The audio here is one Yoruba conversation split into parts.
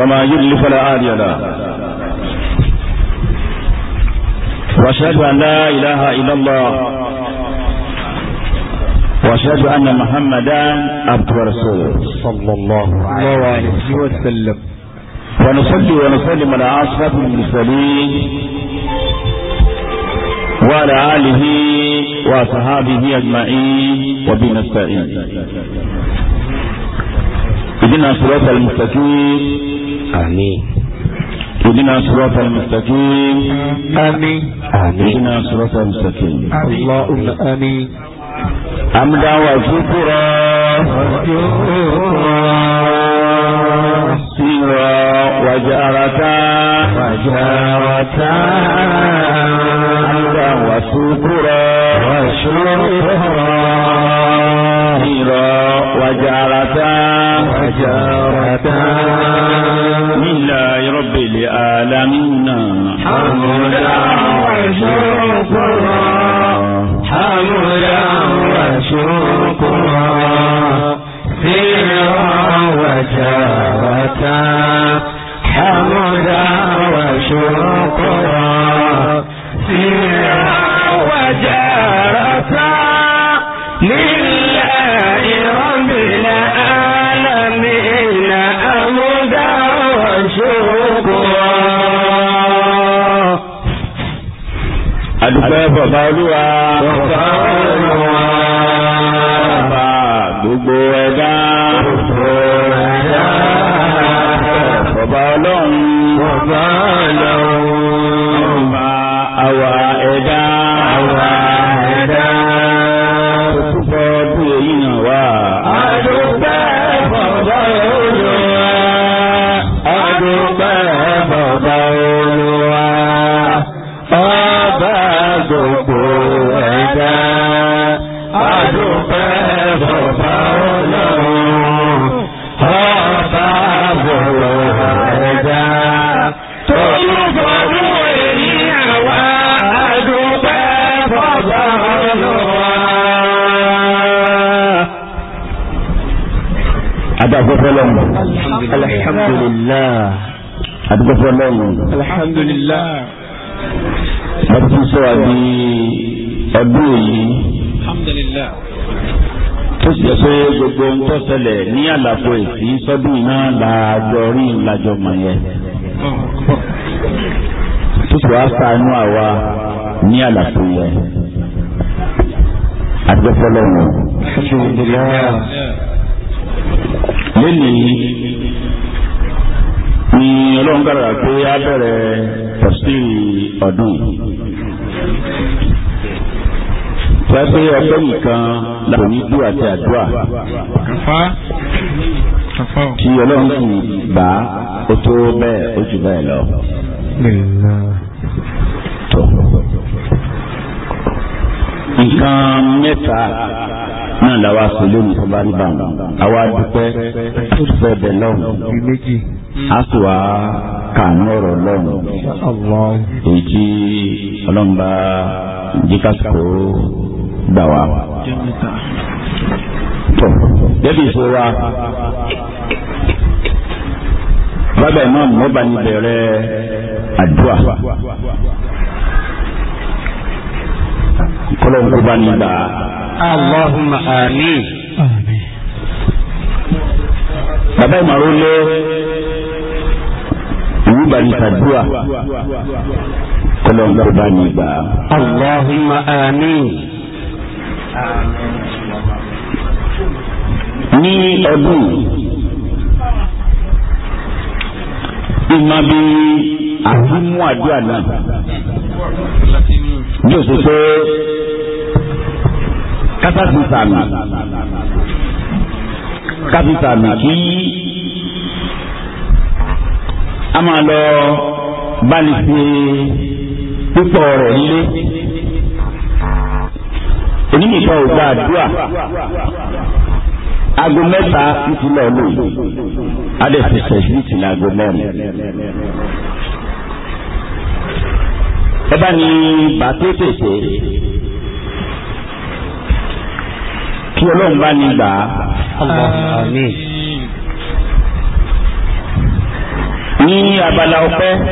وما يضل فلا هادي له واشهد ان لا اله الا الله واشهد ان محمدا عبد ورسوله صلى الله عليه وسلم ونصلي ونسلم على اشرف المرسلين وعلى اله وصحابه اجمعين وبنستعين اهدنا الصراط المستقيم àmín. اهدنا صراط المستقيم آمين اهدنا صراط المستقيم اللهم آمين حمدا وشكرا سرا وجارتا وجارتا حمدا وشكرا وشكرا وزيرا وجارتا وجارتا لله رب العالمين حمدا وشكرا حمدا وشكرا سيرا وجارتا حمدا وشكرا سيرا àdúpẹ́ bàbá olúwa bàbá gbogbo ẹ̀dá bàbá ọlọ́run bàbá ọlọ́run. àdúgbò fún ọlọ́run. alhamdulillah. wọ́n ti sọ àbí ọdún yìí. alhamdulillah. tó sì jẹ́ pé gbogbo ń tó ṣẹlẹ̀ ní àlàfo èsì sọ́dún náà làjọ rí làjọ mọ̀ yẹn. tó sì wá sànú àwa ní àlàfo yẹn. àdúgbò fún ọlọ́run. lónìí ọlọ́run kára pé a bẹ̀rẹ̀ tafsiri ọdún pẹ́pẹ́ ọpẹ́ nìkan láàrín onídú àti àdúrà kí ọlọ́run sì gbà ó tó bẹ́ẹ̀ ó jù bẹ́ẹ̀ lọ. nǹkan mẹ́ta náà làwọn aṣọ lónìí tó bá rí bàmù àwa dúpẹ́ tó fẹ́ bẹ̀ lọ́hùn a sì wá kàánú ọ̀rọ̀ ọlọ́run èyí tí ọlọ́run bá jíkàsíkò gbà wá. débi ìṣó wa bàbá imam mo bá ní bẹ̀rẹ̀ àdúrà kọlọ́n kó bá ní gbà. Allahumma amin. bàbá ìmọ̀ràn lé àdúrà ní àdúrà kọlọ́n kò bá ní gbà. Allahumma amin. Ní ọdún, ìmọ̀ bí àdúmú àdúrà náà. Bí o ṣe pé kátàkì sàmì, kátàkì sàmì kí a máa lọ bá ní ṣe púpọ̀ rẹ̀ nílé onímìtọ́ ò gba àdúrà aago mẹ́ta ìtìlẹ̀ lò yìí adẹ́sẹ̀sẹ̀ sí ìtìlẹ̀ aago mẹ́rin ẹ bá ní bàtẹ́tẹ̀tẹ̀ kí ọlọ́run bá ní gbà á. ní abala ọpẹ́ ní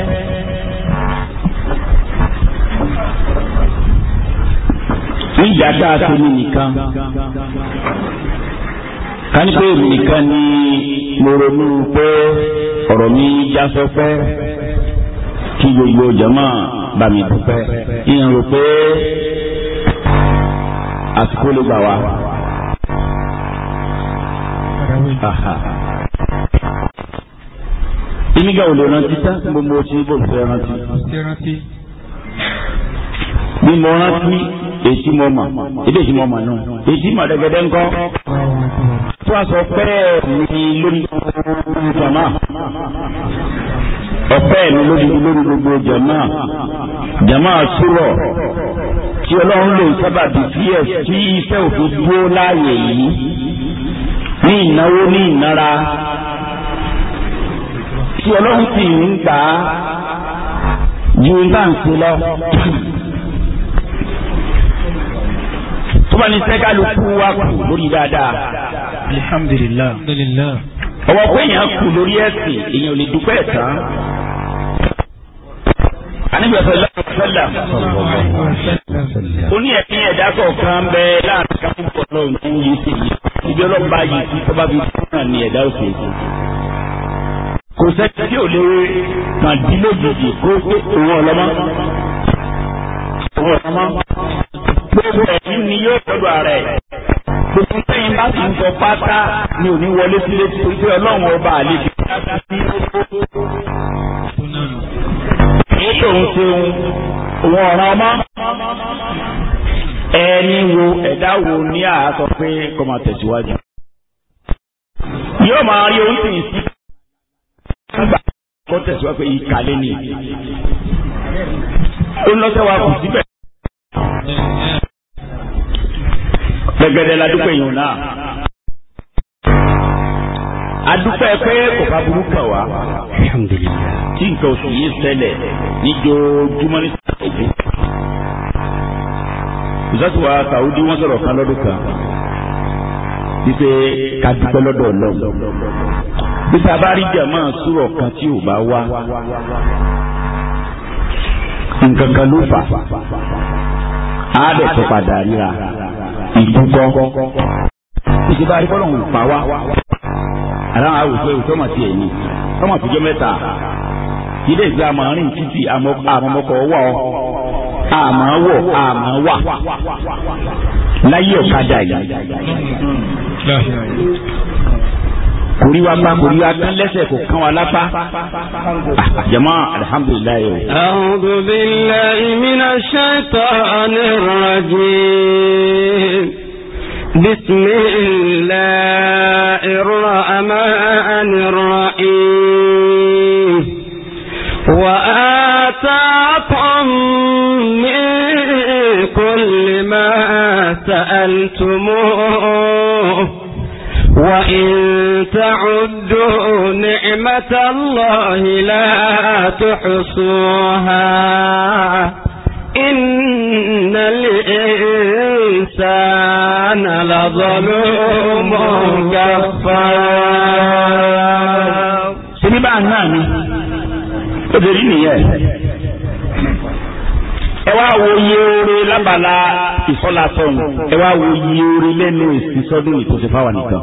ìyàgbá àtòmí nìkan ká ní pé èmi nìkan ni mo ronú pé ọ̀rọ̀ mi já sọpẹ́ kí gbogbo jama bá mi dúpẹ́ ìyẹn rò pé àsìkò ló gbà wá. Aha èmi gà ò lè rántí tá mo mo ti bò fẹ́ rántí. bí mo rántí èsì mo mà èdè èsì mo mà náà èsì mà dẹ́gẹ́dẹ́ ńkọ́. tó a sọ pẹ́ẹ́ mi lórí jama ọ̀pẹ́ mi lórí lórí gbogbo jama jama sùrọ̀ tí ọlọ́run lè sábàbí díẹ̀ sí iṣẹ́ òfin dúró láàyè yìí ní ìnáwó ní ìnara tí ọlọ́run sì ń gbà á ju báǹkì lọ. tó bá ní sẹ́kálukú wa kù lórí dáadáa. alhamdulilayi. ọwọ́ pé èèyàn kù lórí ẹ̀sìn èèyàn ò lè dúpẹ́ ẹ̀ tán. Ànábì sallallahu alaihi wasallam ó ní ẹ̀mí ẹ̀dá kọ̀ọ̀kan bẹ láàrin káfíńtì ọlọ́run tó ń yí sí yìí ìjọba yìí tí tọ́ba fi fún àmì ẹ̀dá òṣèlú kò sẹ́ni tí ò lè kàn dín lójijì kó pé òun ọlọ́mọ. òun ọlọ́mọ. gbogbo ẹ̀yìn ni yóò tọ́jú ara ẹ̀. gbogbo sẹ́yìn bá sì ń sọ pátá ni ò ní wọlé sílé torí pé ọlọ́run ọba àlejò. èyí tòun ṣe òun ọ̀ràn ọmọ ẹni wo ẹ̀dá wo ní àásọ pé kọ́mọ tẹ̀síwájú. yóò máa rí oúnjẹ ìsìn nígbà kó tẹ̀síwá pé ìkàlẹ́ ni ó lọ́sẹ̀ wa kù síbẹ̀. gbẹgẹdẹ la dúpẹ́ yìí náà adúpẹ́ pé kò bá burú kàn wá tí nǹkan oṣù yìí ṣẹlẹ̀ níjojúmọ́ ní sàkóso. ìsọ́sì wa sàwùdí wọ́n sọ̀rọ̀ kan lọ́dún kan wípé ká dúpẹ́ lọ́dọ̀ ọlọ́run bí tabari jama sùrọ̀ kan tí ò bá wá nǹkan kan ló fà á dẹ̀ tó padà ríra ìdúgbọ́. ìjọba àríkọ́lọ̀ ń pa wá àwọn àwùjọ ìwùjọ mà tiẹ̀ ní ọmọ àtijọ́ mẹ́ta ilé ìgbà àmọ́rin títì àmọ́mọ́kọ̀ wà ọ́ àmọ́ wọ̀ àmọ́ wà láyé ọ̀kadà yìí. kuri wa pa kuri wa tan lẹ́sẹ̀ kò kán wa lápá. jamaa alhamdulillah a'udhu billahi minash shaitanir rajim. بسم الله الرحمن الرحيم وآتاكم من كل ما سألتموه وإن تعدوا نعمة الله لا تحصوها إن الإنسان لظلوم كفار سنبع النامي قدريني يا ẹ wá wo iye fi sọ́lá tọ̀hún ẹ wá wo iye orí lẹ́nu èsì sọ́dún ìtòsí fáwọn nìkan.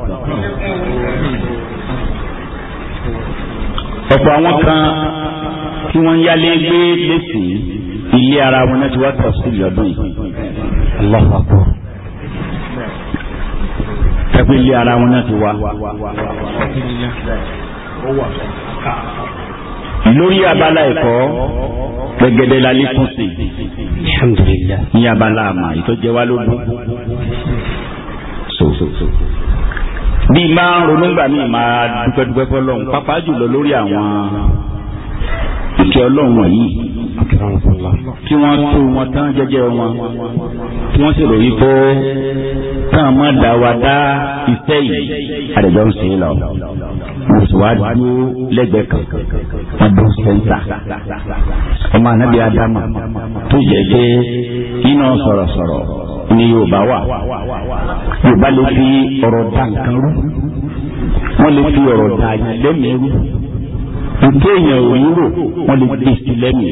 ọ̀pọ̀ àwọn kan tí wọ́n ń yálé gbé lẹ́sìn ilé ara wọn náà ti wá tọ̀ sí ìyọ̀dún yìí. Allahu Akbar. ẹgbẹ́ ilé ara wọn náà ti wá lórí abala ẹ̀kọ́ gẹ́gẹ́dẹ́ la lékún sí alhamdulillah ní abala àmà ìtọ́jẹ́ wa ló dún bí máa ń ronú gbà mí máa dúpẹ́dúpẹ́ fọlọ́run pápá jùlọ lórí àwọn ìkẹ́ ọlọ́run yìí kí wọ́n tó wọn tán jẹ́jẹ́ wọn kí wọ́n sì lò yí pé tán má dá wa dá ìfẹ́ yìí àdèjọ́ ń sìn lọ mo sì wá dúró lẹ́gbẹ̀ẹ́ kan wọ́n dún sẹ́ńtà ọmọ anábì ádámà tó jẹ́ pé iná sọ̀rọ̀sọ̀rọ̀ ni Yorùbá wà Yorùbá lè fi ọ̀rọ̀ dá nǹkan rú wọ́n lè fi ọ̀rọ̀ dá yẹn lẹ́mìí rú nké èèyàn ò ní rò wọ́n lè gbé lẹ́mìí.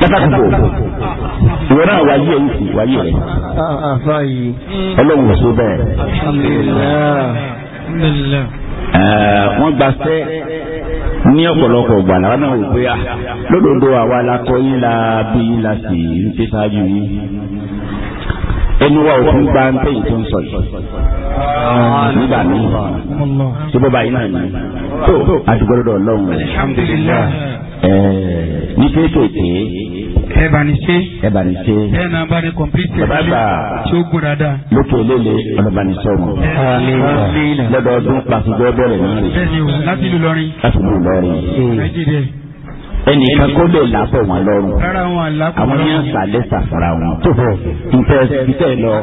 pàtàkì bò ìwọ náà wáyé ẹ̀ yìí wáyé rẹ̀ ọlọ́run ṣe bẹ́ẹ̀. wọ́n gba sẹ́ ní ọ̀pọ̀lọpọ̀ ọgbà làwọn náà wò pé ah, lódodo àwa la kọ́ yín la bí yín la sì ń tẹ́sáájú yín ẹnu wa òfin gba ń tẹ̀yìn tó ń sọ yìí ah, nígbà míì tó bọ́ báyìí náà ni tó àdúgbò lọ́dọ̀ ọlọ́run alhamdulillah ní kéékèèké ẹ bá ní ṣe ẹ bá ní ṣe ẹ náà bá ní kọ̀mpútì ẹ bá tí ó gbó dáadáa. lókè lele ọlọ́bánisọ́mù lọ́dọọdún pàṣẹ gbọ́ bẹ̀rẹ̀ náà rè. bẹ́ẹ̀ ni o láti lù lọ́rin. láti lù lọ́rin ẹnìkan kó lè lábọ̀ wọn lọ́rùn àwọn yẹn ń sàlẹ̀ sàfara wọn tó bọ̀ ntẹ ntẹ lọ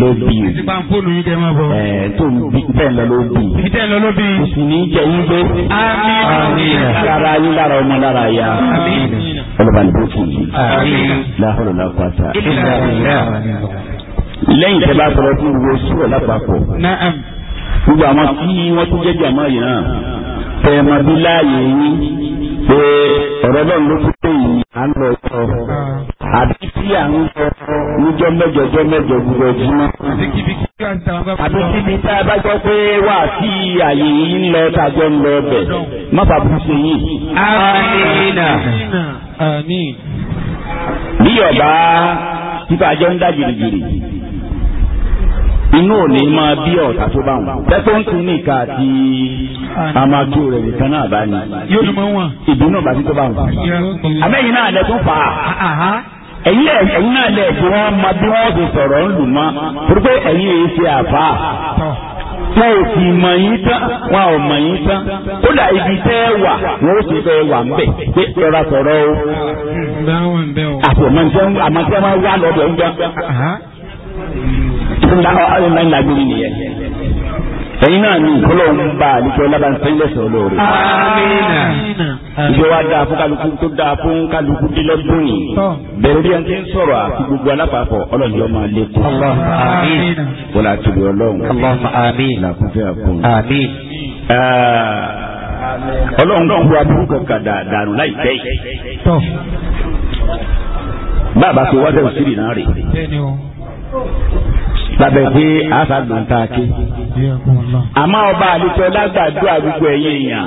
ló bì í ẹ tó ntẹ lọ ló bì í ntẹ lọ ló bì í kùsì ní jẹ yín gbé àmín lára yín lára ọmọ lára ya ọlọ́bàlùbọ̀ fún mi láhùrù lápáta lẹ́yìn tẹ́ bá sọ̀rọ̀ fún wo sùúrọ̀ lápapọ̀ gbogbo àwọn tí wọ́n tún jẹ́ jàmọ́ yìí náà tẹ̀ ẹ̀ máa bí láàyè yín pé ọ̀rọ̀ náà ló kúté yìí à ń lọ sọ ah. àbí tí à ń sọ níjọ́ mẹ́jọ jọ́ mẹ́jọ gbogbo ìjìmọ́. àbí síbi tá a bá gbọ́ pé wà sí àyè yìí ń lọ tàjọ́ ń lọ ọbẹ̀ má bàa bú ṣe yìí. amina. bí ọba títà jọ ń dá jìrìjìrì. inú ò ní máa bí ọ̀tá tó bá wọn. pẹ́pẹ́ ń tún ní ìka àti amadu rẹ̀ nìkan náà bá ní. yóò ní mọ wọn. ìbínú bá ti bá wọn. àmẹ́yìn náà lẹ tún fà á. ẹ̀yin lẹ̀ ẹ̀yin náà lẹ̀ tí wọ́n máa bí wọ́n ti ibi tẹ́ ẹ wà ó sì fẹ́ wà ń bẹ̀ pé sọ̀rọ̀ o. lágbèrè nìyẹn ẹ̀yin náà ni ìkọlọ́hún bá àlejò lábàánsẹ́ lẹ́sẹ̀ olóore. ìjọ da dáa fún kálukú tó dáa fún kálukú délẹ̀ bóyì bẹ̀rẹ̀ bí wọ́n ti ń sọ̀rọ̀ àti gbogbo alápapọ̀ ọlọ́run yóò máa lé kún. wọ́n á tóbi ọlọ́run làkúnfẹ́ àkún. ọlọ́run náà wá burúkú kàdà dànù láìpẹ́ yìí. bàbá tó wá sẹ́wọ̀n sírì náà rè lábẹ́ pé àṣàgbọ̀n tá a ké. àmọ́ ọba àlejò lágbàdúrà gbogbo ẹ̀yìn èèyàn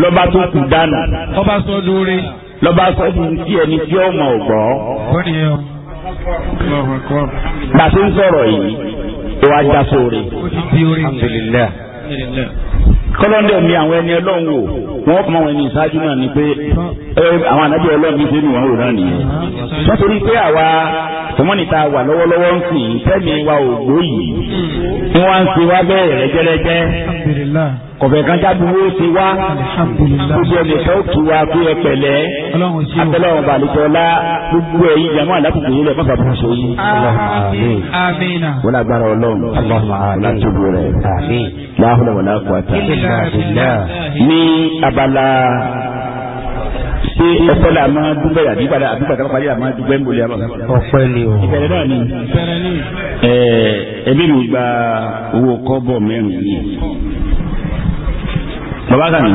lọ́ba tó kù dànù. ọba sọ lórí. lọ́ba sọ di ti ẹni tí ó mọ̀ ọ̀gbọ́. bàtí ń sọ̀rọ̀ yìí ó wá já sóore kọ́lọ́ndẹ̀ mi àwọn ẹni ọlọ́run wò wọ́n fún àwọn ẹni ìṣáájú náà ni pé àwọn ànábì ọlọ́run ṣe ni wọ́n wò náà nìyẹn. wọ́n torí pé àwa tòmọ́nìta wà lọ́wọ́lọ́wọ́ ń sìn tẹ́mi wa ò gbóyìí wọ́n wá ń ṣe wá bẹ́ẹ̀ rẹ́jẹ́rẹ́jẹ́ kọ̀fẹ́ kan jáde wo ṣe wá gbogbo ẹnìkan ó tu wa tó yẹ pẹ̀lẹ́ abẹ́lẹ́wọ̀n balùwẹ̀lá gbogbo ẹ̀yin ìyàmú àlákùnkùn yìí lẹ̀ fún bàbá ṣe yìí. wọ́n agbára ọlọ́run wọ́n atóbi rẹ̀ láhùn àwọn aláàkúwàtà. ní abala ṣé ẹ̀fọ́ la máa dúpẹ́ àbí padà àbí padà parí àmọ́ dúpẹ́ ń bolẹ̀ àbá. ọpẹ́ ni o. ìbẹ̀rẹ̀ náà ni. ẹ̀ẹ́dẹ́gbẹ̀rún gba owó kọ́bọ̀ mẹ́rin yìí bàbá sàmì.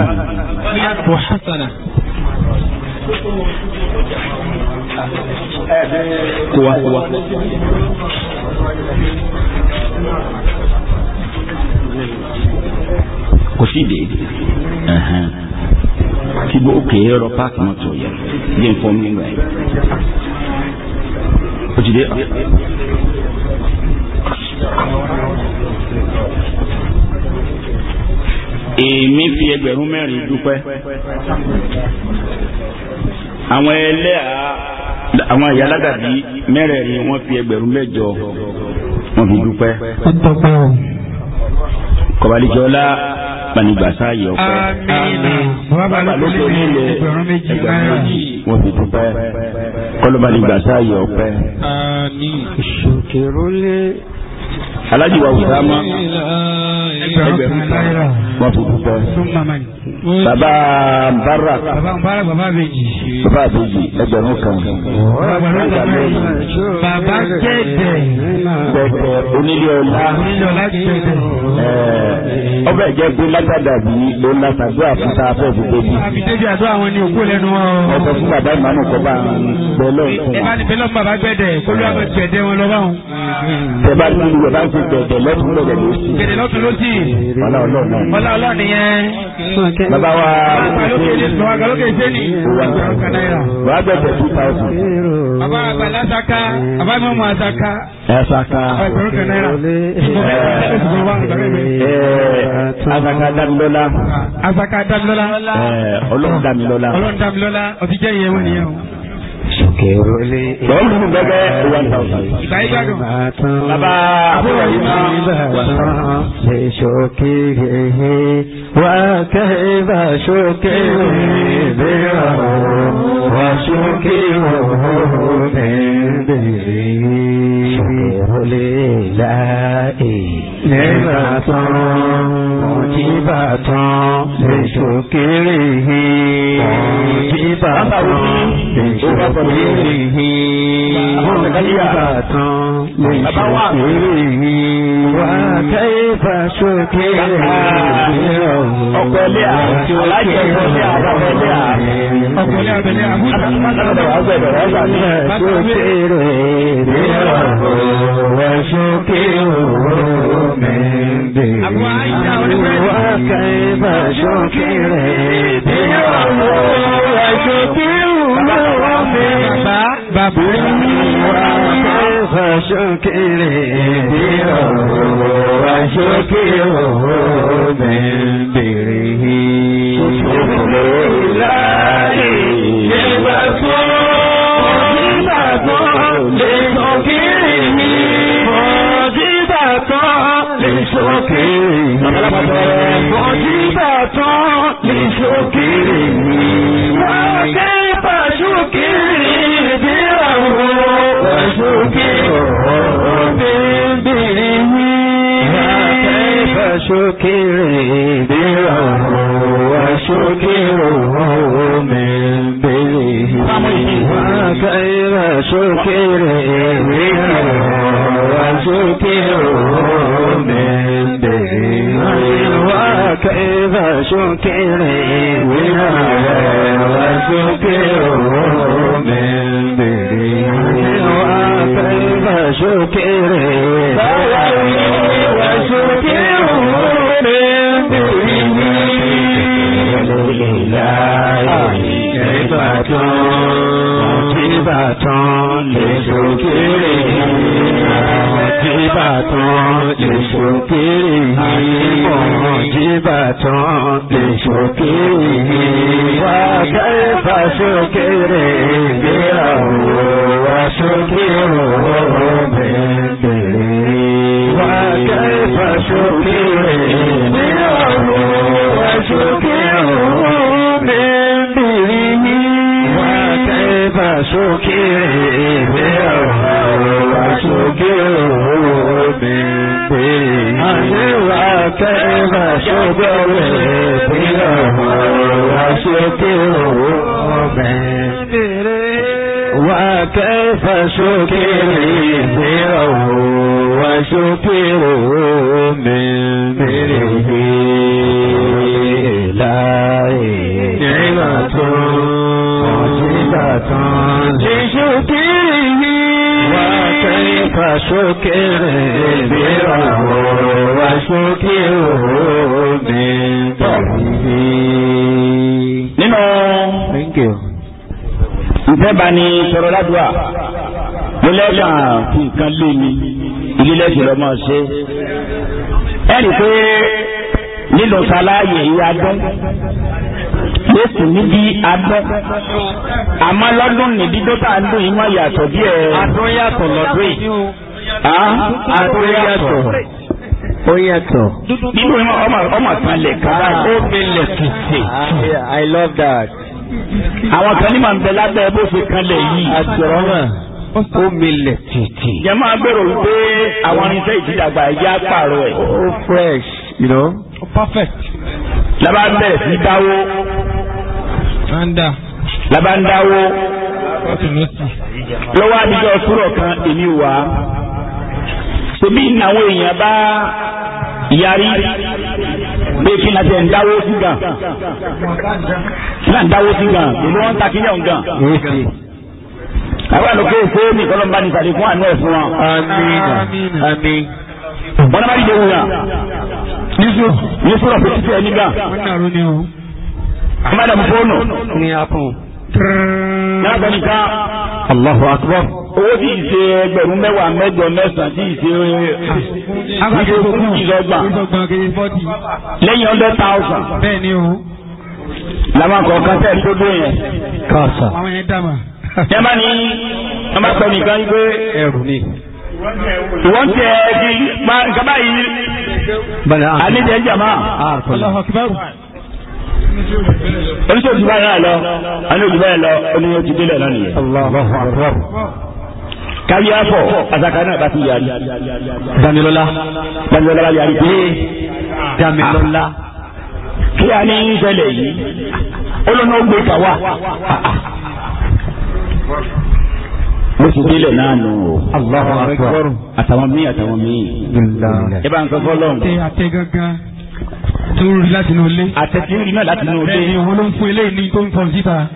kó wa kó wa. kò sí ìdè tí bó kè é rọ páàkì mọ́tò yẹ jẹ́ nfọ́n mi nígbà yẹn ó ti dé. èmi fi ẹgbẹ̀rún mẹ́rin dúpẹ́ àwọn ẹlẹ́à àwọn àyálàgàbí mẹ́rẹ̀ẹ̀rin wọ́n fi ẹgbẹ̀rún mẹ́jọ wọ́n fi dúpẹ́ kọbalijọ́lá panigbasa yọ pẹ́ balóko nílé ẹgbẹ̀rún méjì wọ́n fi dúpẹ́ kọlọ́banigbasa yọ pẹ́. alájìwà wùdámá ẹgbẹ̀rún kan náírà wọ́n fi dúpẹ́. Mm. Baba bara bàbá àbèjì ẹgbẹ̀rún kan. bàbá jẹ́dẹ̀. jẹ́dẹ̀ onílé ọlá. onílé ọlá jẹ́dẹ̀. ọbẹ̀ jẹ́ pé látàdà bí ló ń látàdó àfúntà afẹ́fù débi. àbídébi àdó àwọn ni òkú lẹ́nu wọn. ọkọ̀ fún bàbá ìmáàmù kọ́ bá bẹ́lọ̀. ẹ bá ní bẹ́lọ̀ bàbá Baba kó ló àwọn jẹ̀dẹ̀ wọn lọ́wọ́ àwọn. tẹ bá ní ìwé bá ń fi gbẹ̀dẹ̀ lọ́tún lọ́tún lọ́sì. gbẹ̀dẹ̀ lọ́tún lọ́sì. ọlá ọlọ́ọ̀ bàbá wa wà á bẹ̀rẹ̀ two thousand. bàbá àgbàlá saka bàbá ìmọ̀mù àsaka. ẹ saka. asaka damilola. asaka damilola. ọlọ́run damilola. ọlọ́run damilola ọtí jẹ́ ìyẹn wọn nìyẹn o lọ́wọ́ nínú bẹ́ẹ̀ one thousand. ìbáyégbádùn bàbá àbúrò yìí máa ń wà. ṣe ṣókèrè wá kẹ́hìnbá ṣókèrè bẹ́ẹ̀ wá ṣókèrè bẹ́ẹ̀ bẹ́ẹ̀. ذكر الإله نعمة موجبة لشكره موجبة لشكره موجبة لشكره وكيف شكره ọ̀pẹ̀lẹ́ àti ọ̀lájẹ̀ ìrọ̀lẹ́ àbábẹ́lẹ́ àárín. ọ̀pẹ̀lẹ́ àbẹ̀lẹ́ àbúrò. وشكروا من دين وكيف شكري دين وشكروا من بابوري وكيف شكري دين وشكروا من دينه شكر لله نعمة نعمة sókè. Mọ̀jíbà tán ní sókè. Wọ́kẹ́ bá sókè bí àwọn sókè. Bébèrè wí. Wọ́kẹ́ bá sókè bí àwọn sókè. Bébèrè wí. Wọ́kẹ́ bá sókè bí àwọn sókè. Amen. وكيف شكري ولا وشكره من بري وكيف شكري وشكره من بري لله كيف تكون ìbátan lè sókèrè ìbátan lè sókèrè ìmọ̀ ìbátan lè sókèrè wà kẹfà sókèrè ìgbéyàwó wà sókèrè bẹ̀rẹ̀ wà kẹfà sókèrè ìgbéyàwó wà sókèrè bẹ̀rẹ̀ sókè ìbéèrè wá sókè omi pé. Àdéhùn akẹ́kẹ́ bá sókè omi ìbéèrè wá sókè omi. Wà عزة لشكره وكيف شكر بره وشكره من فضله نعم Thank you. ìfẹ́ba ni tọrọ ládùúgbà mo lẹ́ẹ̀kan fún nǹkan lé mi ilé lẹ́sìn lọ́mọ ṣe. ẹnì pé nílò sáláyè ìyá dún lóṣù níbi adọ́ àmọ́ lọ́dún ní dídó tá à ń dùn yín má yàtọ̀ díẹ̀. adún yàtọ̀ lọ́dún yìí. adún yàtọ̀ ó yàtọ̀. nínú ọmọ ọmọ kan lè kára ó fi lè ah, I love that. àwọn kan ní màá bẹ lábẹ́ bó ṣe kan lè àtọ̀rọ̀ náà ó milẹ̀ títì. yẹn máa gbèrò wípé àwọn irinṣẹ́ ìdídàgbà ẹ̀yà pààrọ̀ ẹ̀. ó fresh you know. perfect. lábàá bẹ̀rẹ̀ sí dáwó anda. labandawo. lọ́wọ́ àdìjọ́ sùrọ̀ kan èmi wà. ṣebí làwọn èèyàn bá yarí pé kí n àti ẹ̀ ń dáwó sí gan. kí n à ń dáwó sí gan èmi wọ́n ń ta kíyàn gan. àwọn àlùkò èso mi kọ́ ló ń bá ní sàlẹ̀ fún àánú ẹ̀ fún wa. àmín àmín. wọ́n náà bá dìde wù yàn. ní sùrọ̀ pé títí ẹ̀ nígbà. wọ́n ní ni o madam fóònù ní apun lábẹ́ nípa Allahu Akbar owó tí ì ṣe ẹgbẹ̀rún mẹ́wàá mẹ́jọ mẹ́sàn-án tí ì ṣe ìdọ́gba lẹ́yìn hundred thousand. bẹ́ẹ̀ni o. lamakọ kásẹ̀ tó dún yẹn. kásà. àwọn yẹn dàmà. yẹn bá ní yẹn bá sọ nìkan yìí pé. ẹrù ni. ìwọ́n tẹ ẹ kí nǹkan báyìí. àníjẹ jàmá. Allahu oníṣẹ́ òjì báyìí náà lọ àní òjì báyìí lọ oníṣẹ́ òjì délẹ̀ náà nìyẹn. Allahu Akbar. kárí afọ àtàkà náà bá ti yàrí. damilola damilola bá yàrí pé damilola kí a ní í ṣẹlẹ̀ yìí olóńgbò gbé kàwá bó ti délẹ̀ náà nù o. Allahu Akbar. àtàwọn míì àtàwọn míì. ẹ bá fọlọ́ọ̀mù tó rí láti inú ilé. àtẹ̀tí rí náà láti inú ilé. ẹni òun ló ń fún eléyìí ní tó ń fọ́n síta.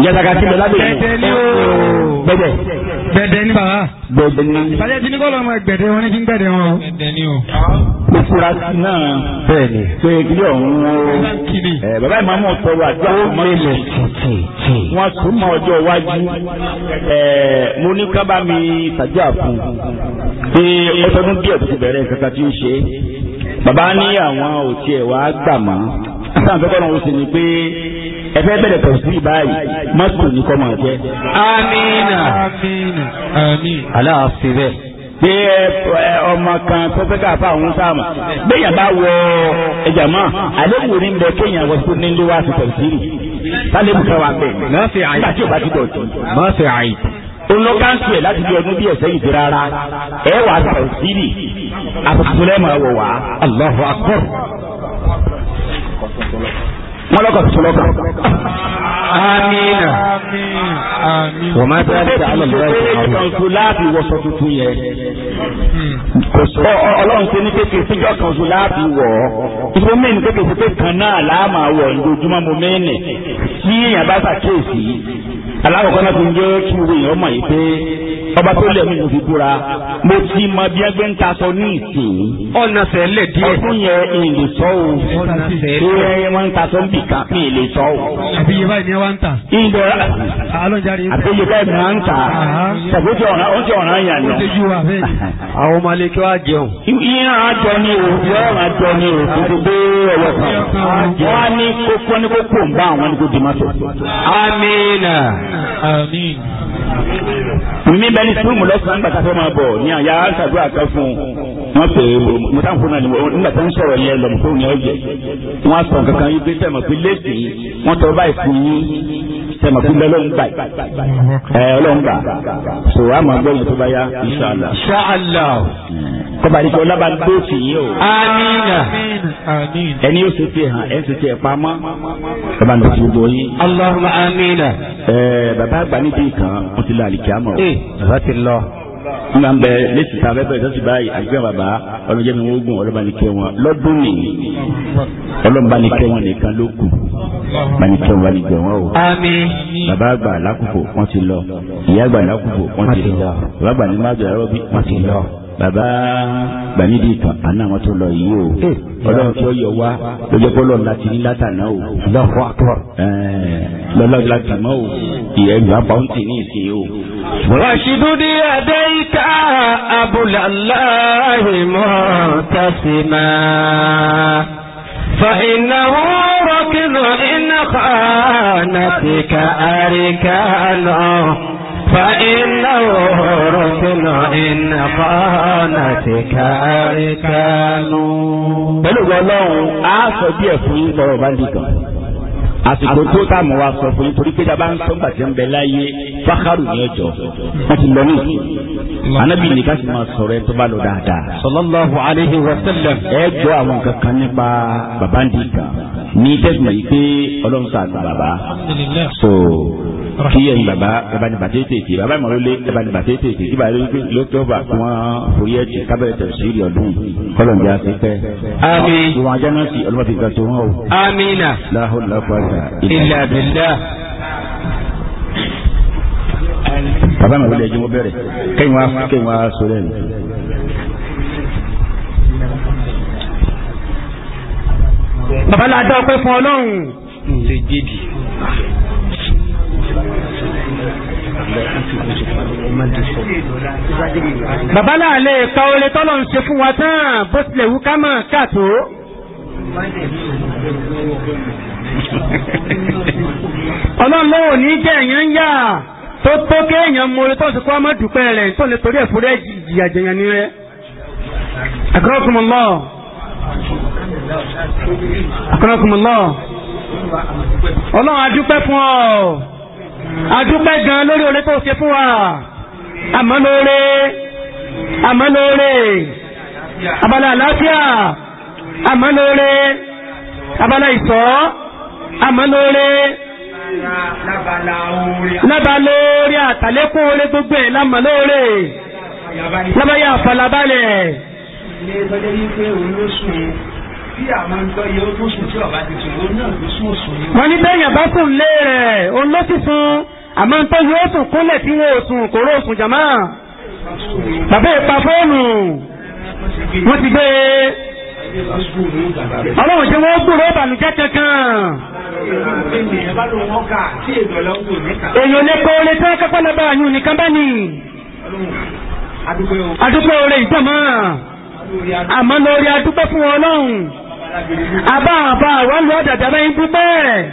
ìyàtàkà ti lọ lábẹ́ ìlú. bẹ́ẹ̀dẹ̀ ni o. bẹ́ẹ̀dẹ̀. bẹ́ẹ̀dẹ̀ ni bàbá. bẹ́ẹ̀dẹ̀ ni. ìbàjẹ́ ti ní kọ́ lọ́mọ gbẹ̀dẹ̀ wọn ní kí n gbẹ̀dẹ̀ wọn o. bẹ́ẹ̀dẹ̀ ni o. mo fura sí náà. bẹ́ẹ̀ni. pé kí ọ̀hún o. bàbá ìmáàmù tọrọ àdúrà wọn tún mọ ọjọ́ iwájú mo ní ká bá mi tàjà fún un pé ọtọdún díẹ̀ tó ti bẹ̀rẹ̀ nǹkan kan tí ó ṣe é bàbá ní àwọn ò tiẹ̀ wá gbà mọ́ sáà fẹ́ kọ́nà ó sì ni pé ẹ fẹ́ bẹ̀rẹ̀ tẹ̀sí báyìí mọ́tò ní kọ́ máa jẹ́. amina aláàfin bẹ́ẹ̀. pé ọmọ kan tó fẹ́ ká fà àwọn sáàmù gbẹ̀yìn bá wọ ẹ̀jà mọ́ àlékún ní bẹ kéèyàn wọ sí nílé wá sí tẹ̀sí sálẹ̀ bùkẹ́ wa bẹ̀. nígbà tí o bá ti dọ̀tí. má fi àyè olókàǹtì ẹ̀ láti bí ọdún bí ẹ̀sẹ̀ yìí rárá ẹ wà sọ̀rọ̀sílì àfọ̀sọ̀lẹ́mọ̀ ẹ̀wọ̀ wá Allahu Akbar. wọn lọkọ tuntun lọkọ. amiina wọ́n máa tẹ́ ẹ́ dàgbà lọ́wọ́ ẹ̀ kọ́ ọ̀sùn láàbì wọ̀sọ̀ tuntun yẹn. ọlọ́run ṣe ní kékeré síjọ́ kan ọ̀sùn láàbì wọ̀ ọ́ ìfowó mẹ́rin kékeré sí pé kan náà láàmà wọ̀ ǹdojúmọ́ mo mẹ́rin tí èèyàn bá ṣàkíyèsí alákọ̀ọ́kọ́ náà tún jẹ́ kí gbogbo èèyàn mọ̀ yìí pé ọba tó lẹ̀ mí fi búra mo ti mọ bí ẹgbẹ́ ń ta sọ ní ìsìn. ọ̀nà sẹ́lẹ̀ díẹ̀. ọdún yẹn ìlè sọ o. ọ̀nà sẹ́lẹ̀. ṣé wọ́n ń ta sọ ń bì kan kí ìlè sọ o. àbí yẹ báyìí ni wọ́n ń tà. ìlọ alonjari. àbí yẹ báyìí ni wọ́n ń tà. tàbí ó ti ọ̀nà ó ti ọ̀nà yàn lọ. àwọn ọmọ alẹ́ kí wọ́n á jẹun. ìyẹn àjọ ni o yọ̀ọ́ àjọ ni o kò gbé ọwọ́ kan. wọ́n á ní mímí bẹ́ẹ̀ ní súnmù lọ́sàn-án gbàtà fẹ́ máa bọ̀ ní àyà àṣàdúrà kan fún un wọ́n pè é mo tá n fún náà nígbà tó ń sọ̀rọ̀ yẹn lọ́mọ fún òun yẹn ó wọ́n sọ kankan yìí gbé tẹ̀mọ̀ wọ́n tọ́ báyìí fún yín sẹ́mọ̀ fún bẹ́ẹ̀ lọ́n gbà ẹ̀ ọlọ́n gbà so a máa gbọ́yìn tó bá yá inṣàlá. inṣàlá. kọ́ba àdìsí ọlábà ń dó tì yín o. amiina. ẹni yóò ṣe tiẹ̀ hàn ẹ̀ ṣe tiẹ̀ pamọ́. kọ́ba nù fún bọ́yìn. Allahumma amiina. ẹ bàbá àgbà níbi kan wọ́n ti lọ àlìkí àmọ́. Eh. bàbá ti lọ nígbà ń bẹ lẹ́sìn tàbí bẹ́ẹ̀ sọ́sì báyìí àgbẹ̀ bàbá ọlọ́jẹ́ mi wọ́n gùn ọlọ́ba ní kẹ́ wọn lọ́dún nìyí ọlọ́ba ní kẹ́ wọn nìkan ló kù bá ní kẹ́ wọn bá ní gbẹ̀ wọn o. àmín. bàbá àgbà lákòókò wọ́n ti lọ ìyá àgbà lákòókò wọ́n ti lọ bàbá àgbà ní májò ẹ̀rọ bí wọ́n ti lọ bàbá gbàmídì kan àná àwọn tó lọ yìí o eh, ọlọ́run tí ó yọ wá lọ́jọ́ pọ́lọ́ láti ní látàná o lọ́fọ́ àtọ́ lọ́lọ́ láti mọ́ o ìyẹn ìgbà pọ́ùn ní ìsìn o. rọ̀ṣídúdí àdéhìká abúláláhì mọ́ tásìmá فإنه ركض إن خانتك أركانه فإنه رسل إن خانتك أركان pẹ̀lú ọlọ́run á sọ díẹ̀ fún yín lọ́rọ̀ bá ń di kan àsìkò tó tá a mọ̀ wá sọ fún yín torí pé dábàá ń sọ gbàtí ń bẹ láyé fákàrù ní ọjọ́ wọ́n ti lọ ní ìsìn anábì ní ká sì máa sọ̀rọ̀ ẹ tó bá lọ dáadáa. sallallahu alaihi wa sallam. ẹ jọ àwọn kankan nípa bàbá ń di kan ní tẹ̀sán yìí pé ọlọ́run sàánú bàbá. so kíyẹ ní baba baba ní bàtẹ́ tètè baba ìmọ̀ lólé baba ní bàtẹ́ tètè ibà ló tó bà kí wọ́n forí ẹ̀ tì kábẹ̀rẹ̀ tẹ̀ sí ìrì ọdún kọ́lọ̀ ní a ti pẹ́. ami ìwọ̀n ajá náà sì ọlọ́mọ fi ga tó wọn o. amina. láhùn lápáta. ilà bìlá. baba mi wọlé ẹjẹ mo bẹ̀rẹ̀ kẹ́yìn wá kẹ́yìn wá sọ̀rọ̀ ẹ̀ babalada ọpẹ́ fún Ọlọ́run bàbá ale, ka oore tọ́lọ̀ ń ṣe fún wa tán bó tilẹ̀ wú ká mọ̀ káàtó. ọlọ́run lọ́wọ́ ní jẹ́ èèyàn ń yà tó tó kéèyàn mọ oore tó ń ṣe kó ọmọ dùpẹ́ rẹ̀ tó lè torí ẹ̀fúrẹ́ jìyà jẹ̀yàn ni rẹ̀. akọ́nàkùnmọ́lọ́ akọ́nàkùnmọ́lọ́ ọlọ́run a fún ọ adúpẹ́ gan lórí oore tó ṣe fún wa àmọ́lóore àmọ́lóore abala àlàáfíà àmọ́lóore abala ìṣọ́ àmọ́lóore lábalóore àtàlékún oore gbogbo ẹ̀ lámọ́lóore lábáyà àfàlábálẹ̀. ilé ìtọ́jú wọ́n ní bẹ́yàn bá sùn lé rẹ̀ òun ló sì sun àmọ́ tó yóò sùn kúnlẹ̀ tí wọ́n ò sùn kò ró sùn jàmá bàbá ìpa fóònù wọ́n ti gbé e. ọlọ́run ṣe wọ́n gbòòrò ìbànújẹ́ kankan. èèyàn lè kọ́ orí tí wọ́n kọ́kọ́ lọ́ba àyùn nìkan bá ní. adúpẹ́ oore àmọ́ lórí adúpẹ́ fún ọlọ́run. àbá àbá àwọn lọ dàda bẹ́ẹ̀ ń dúpẹ́.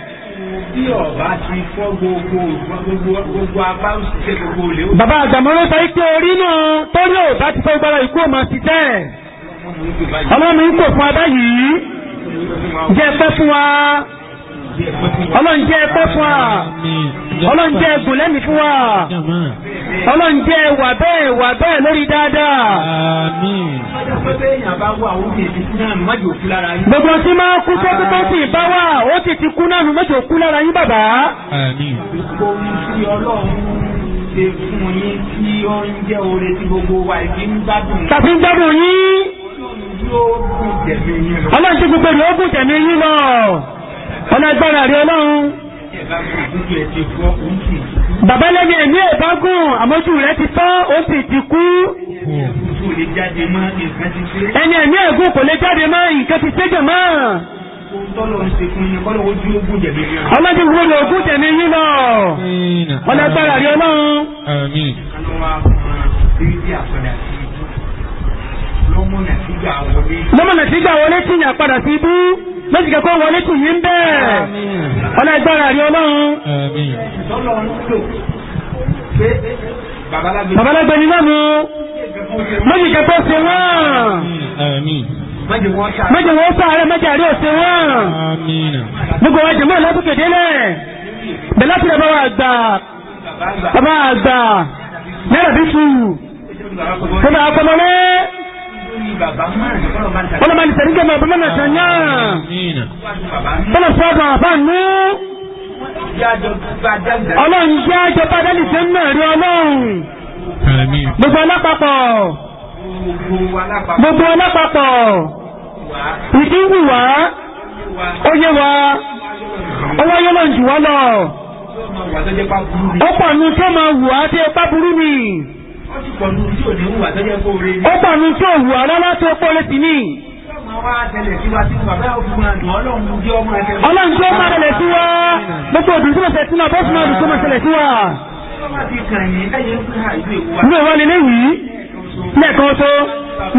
bí ọba ti gbogbo gbogbo apá gbogbo bàbá sọ orí náà torí ọba ti fọ́ gbára ikú ọmọ ti tẹ́. ń fún abá yìí jẹ́ pẹ́ fún wa. ọlọ́njẹ́ ẹgbẹ́ fún wa ọlọ́njẹ́ ẹgùn lẹ́mí fún wa ọlọ́njẹ́ wà bẹ́ẹ̀ wà bẹ́ẹ̀ lórí dáadáa. gbogbo tí máa kú sẹ́kútọ́ sì bá wà ó sì ti kú náà nù mẹ́jọ kú lára yín bàbá. wa ìdí ń gbádùn? Tàbí ń gbádùn yín. Ọlọ́run ṣe gbogbo rẹ̀ ó gùn tẹ̀mí yín lọ ọ̀nà agbára rí ọlọ́run. bàbá lẹ́yìn ẹ̀mí ìbágùn àmójú rẹ̀ ti tán ó sì ti kú. ẹni ẹ̀mí ẹ̀gùn kò lè jáde mọ́ nǹkan ti ṣe jẹ̀ mọ́. ọlọ́dún gbogbo ogún tẹ̀mí yín lọ. ọ̀nà agbára rí ọlọ́run. lọ́mọ nàtígbà wọlé tí yàn padà sí ibú méjìká kó wọlé kù yín bẹ́ẹ̀ ọ̀nà ìgbára rí ọlọ́run. babalágbé ni náà mú méjìká kó ṣe wọ́n mẹ́jọ wọ́n sáré mẹ́jọ àrí òsè wọ́n gbogbo ẹjọ mọ́ lọ́pùpù délẹ̀ bẹ̀láti rẹ̀ bàbá àgbà bàbá àgbà náírà bí fún bàbá àpọ̀mọ́lẹ́ wọ́n bá ní sẹ́ríkẹ́ máa bẹ́ẹ̀ náà sàn yáà bọ́lá sọ́dọ̀ àbáànú ọlọ́run jẹ́ àjọba dálì tẹ́ náà rí ọlọ́run gbogbo alápapọ̀ gbogbo alápapọ̀ ìdíwù wá ó yé wa ó wáyé jù wá lọ ó pọ̀ nu tó máa wù á dé pápúrú ni. ó pọ̀ ní tí ò wù ọ́ lọ́wọ́ tó pọ́ létí ní. ọlọ́run tí ó máa rẹlẹ̀ sí wa gbogbo òdùn tí mo náà tó sí wa. lẹ́ẹ̀kan tó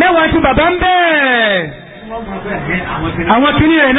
mẹ́wàá tí bàbá ń bẹ́ẹ̀. àwọn kìnìún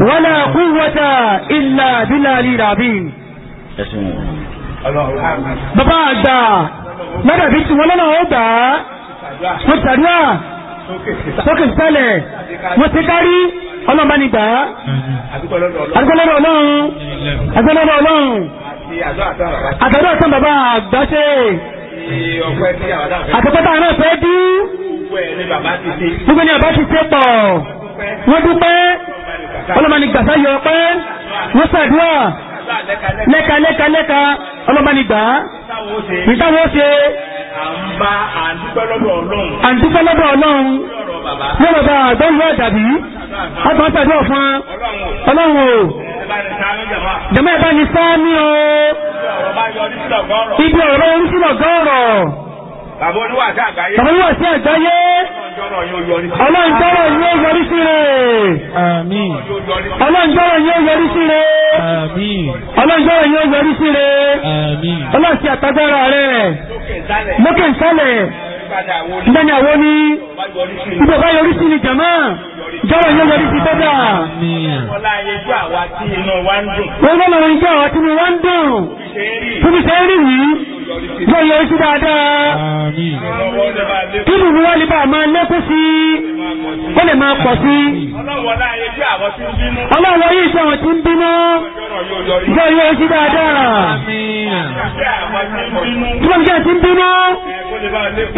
wọ́lá kúwọ́ta ilá bíláàrí ràbí bàbá àgbà mẹ́rẹ̀bí tí wọ́n lọ́nà ó gbà á wọ́n tàdúrà sókè sẹ́lẹ̀ wọ́n ti kárí ọlọ́mbà nígbà agbẹ́lọ́rọ̀ ọlọ́run agbẹ́lọ́rọ̀ ọlọ́run bàbá àgbà ṣe àtàkọ́tà náà fẹ́ dú gbogbo ni bàbá ti ṣe pọ̀ wọ́n dúpẹ́ ọlọ́ba ni gbàtà yọ pé wọ́n ṣàdúrà lẹ́ka lẹ́ka lẹ́ka ọlọ́ba ni gbà á ìtawọ́ ṣe àǹdúpẹ́ lọ́dọ̀ ọlọ́run lọ́rọ̀ bá àgbọ̀nlọ́ àdàbí ọgbọ̀n ṣàdúrà fún ọlọ́run o jẹ́mọ́ ẹ̀ bá ní sáà ní o ibi ọ̀rọ̀ orísìlọ̀gọ́rọ̀. Bàbá olúwa sí àgbáyé. Bàbá olúwa sí àgbáyé. Ọlọ́njọ́rọ̀ yóò yọrí sí rẹ̀. Ọlọ́njọ́rọ̀ yóò yọrí sí rẹ̀. Ọlọ́njọ́rọ̀ yóò yọrí sí rẹ̀. Ọlọ́sí àtagbára rẹ̀. Lókè ìsàlẹ̀. Ìgbẹ́ni àwo ni. Ìgbẹ́ bá yọrí sí ni jàmá. Jọ́rọ̀ yóò yọrí sí tọ́jà. Ọlá ẹjọ́ àwa tí inú wa ń dùn. Wọ́n lọ́nà àwa tí inú wa ń dùn. Fúnmi ṣe ń rí yìí. Wọ́n yọrí sí dáadáa. Kí bùbú wọ́n lè bá a máa lékún sí i, ó lè máa pọ̀ sí i. Ọlọ́wọ́ yìí sí àwọn tí ń bínú. Wọ́n yọrí sí dáadáa. Kí wọ́n jẹ́ àti ń bínú,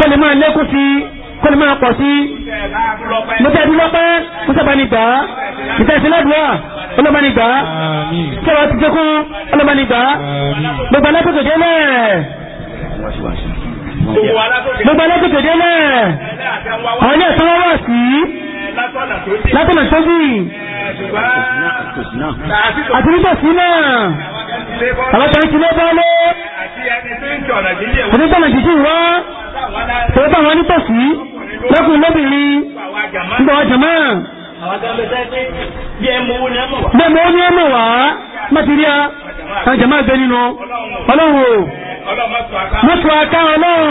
ó lè máa lékún sí i kó ní máa pọ̀ sí mọ́tẹ́dúlọ́pẹ́ mọ́tẹ́bánigbà ìtẹ̀sílẹ́dùá ọlọ́bánigbà sọ́wọ́ ti jẹ́kún ọlọ́bánigbà gbogbo alákòókò délẹ̀ gbogbo alákòókò délẹ̀ àwọn ilé ẹ̀sán wọ́n wà sí látọ̀nà sójú àti nítòsí náà àwọn kan ti lé bọ́lé àtúntọ́nà jìjì wá tòun táwọn nítòsí lọ́kùnrin lóbìnrin ń bọ̀ ọjà bí ẹ ní ẹmọ wá mẹ́tìríà àjàmá ẹgbẹ́ nínú ọlọ́run o mọ́tò ọlọ́run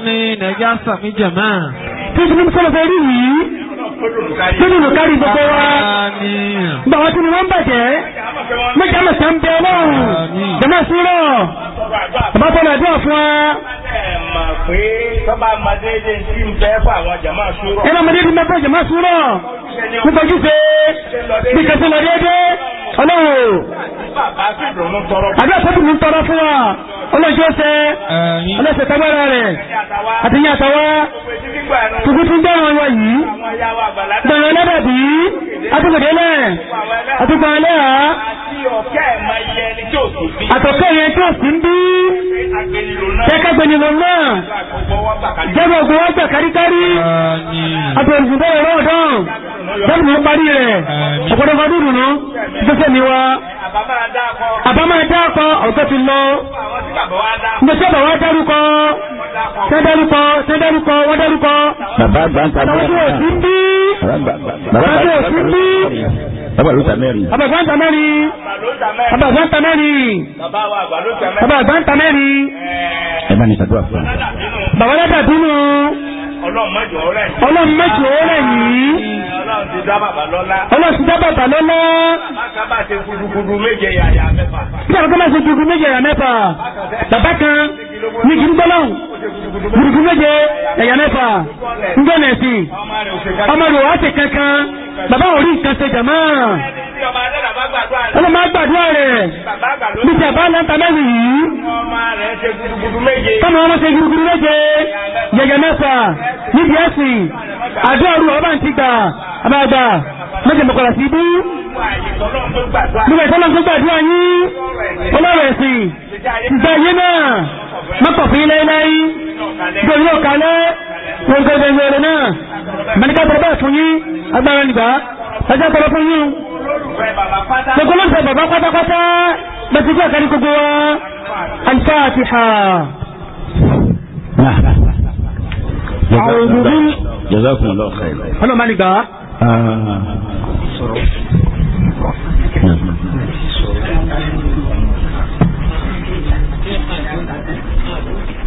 àmì tí ni wọ́n bàjẹ́ mẹ́jọ mẹ́sẹ̀ ń bẹ ọlọ́run jàmá sí rọ̀ bàbá fọlọ́ àdúrà fún wa. ẹnà ọmọdé ti mẹ́fọ́ Because kẹsí lọ déédéé ọlọ́run àbí àtọ́bù mi ń tọrọ fún wa ọlọ́jọ́ ṣe ọlọ́ṣẹ̀ tẹ́gbẹ́rẹ́ rẹ̀ àti ní àtàwá tuntun tún bẹ́ẹ̀ wọn wọ yìí gbọ̀nyẹ lẹ́dàbí àtúgbòdélẹ̀ àtúgbọ̀nlẹ́ à àtọ̀kẹ́ yẹn tí ò sí ń bí tẹ́kẹ́gbẹ̀nìlò náà jẹ́gbẹ̀ ògùn wọ́n gbẹ̀ káríkárí àtọ̀rùsùn bẹ́ẹ̀ rọ̀ ọ̀dọ́ jẹ́gbẹ̀ mi parí rẹ̀ ọ̀pọ̀lọpọ̀ dúdú náà sẹ́mi wọn. àbámọ́ dáàkọ ọ̀tọ́ ti lọ. ǹjẹ́ bàbá wa dárúkọ tẹ́dárúkọ tẹ́dárúkọ wọ́n dárúkọ. bàbá àgbà ń ta mẹ́rin. bàbá òsì ń bí. bàbá òsì ń bí. bàbá ló ta mẹ́rin. bàbá àgbà ń ta mẹ́rin. bàbá àgbà ń ta mẹ́rin. bàbá àgbà ń mẹ́rin. ẹ bá ní sàdúrà fún mi. bàbá dàdà bínú ọlọ́run mẹ́jọ ọ̀rẹ́ yìí. ọlọ́run mẹ́jọ ọ̀rẹ́ yìí. ọlọ́run ti dá bàbá lọ́lá. ọlọ́run ti dá bàbá lọ́lá. bàbá bá ṣe gudugudu méje yàyà mẹ́fà. bàbá bá ṣe gudugudu méje yàyà mẹ́fà. bàbá kan ní kí n gbọ́ náà burúkú méje ẹ̀yà mẹ́fà ń gbọ́ nẹ̀sìn ọmọ rẹ̀ wá sí kankan bàbá ò rí nǹkan ṣe jàmá ọmọ máa gbàdúrà rẹ̀ bí ti àbá náà tàbẹ́rù yìí kọ́mọ ọmọ ṣe gúrúgúrú méje yẹ̀yẹ̀ mẹ́fà níbi ẹ̀sìn àdúrà ọba ti gbà abáàgbà méje mọ̀kọ̀lá sí ibú nígbà ìtọ́lọ́ tó gbàdúrà yín ọlọ́rọ̀ ẹ̀sìn ìgbà yé náà mọ́kọ̀ fi láíláí gbogbo yóò kalẹ̀ gbogbo gbogbo rẹ̀ náà mẹ́ríkà tọrọ bẹ́ẹ̀ fún yín agbára nìgbà ẹjẹ́ tọrọ fún yín gbogbo ló ń sọ bàbá pátápátá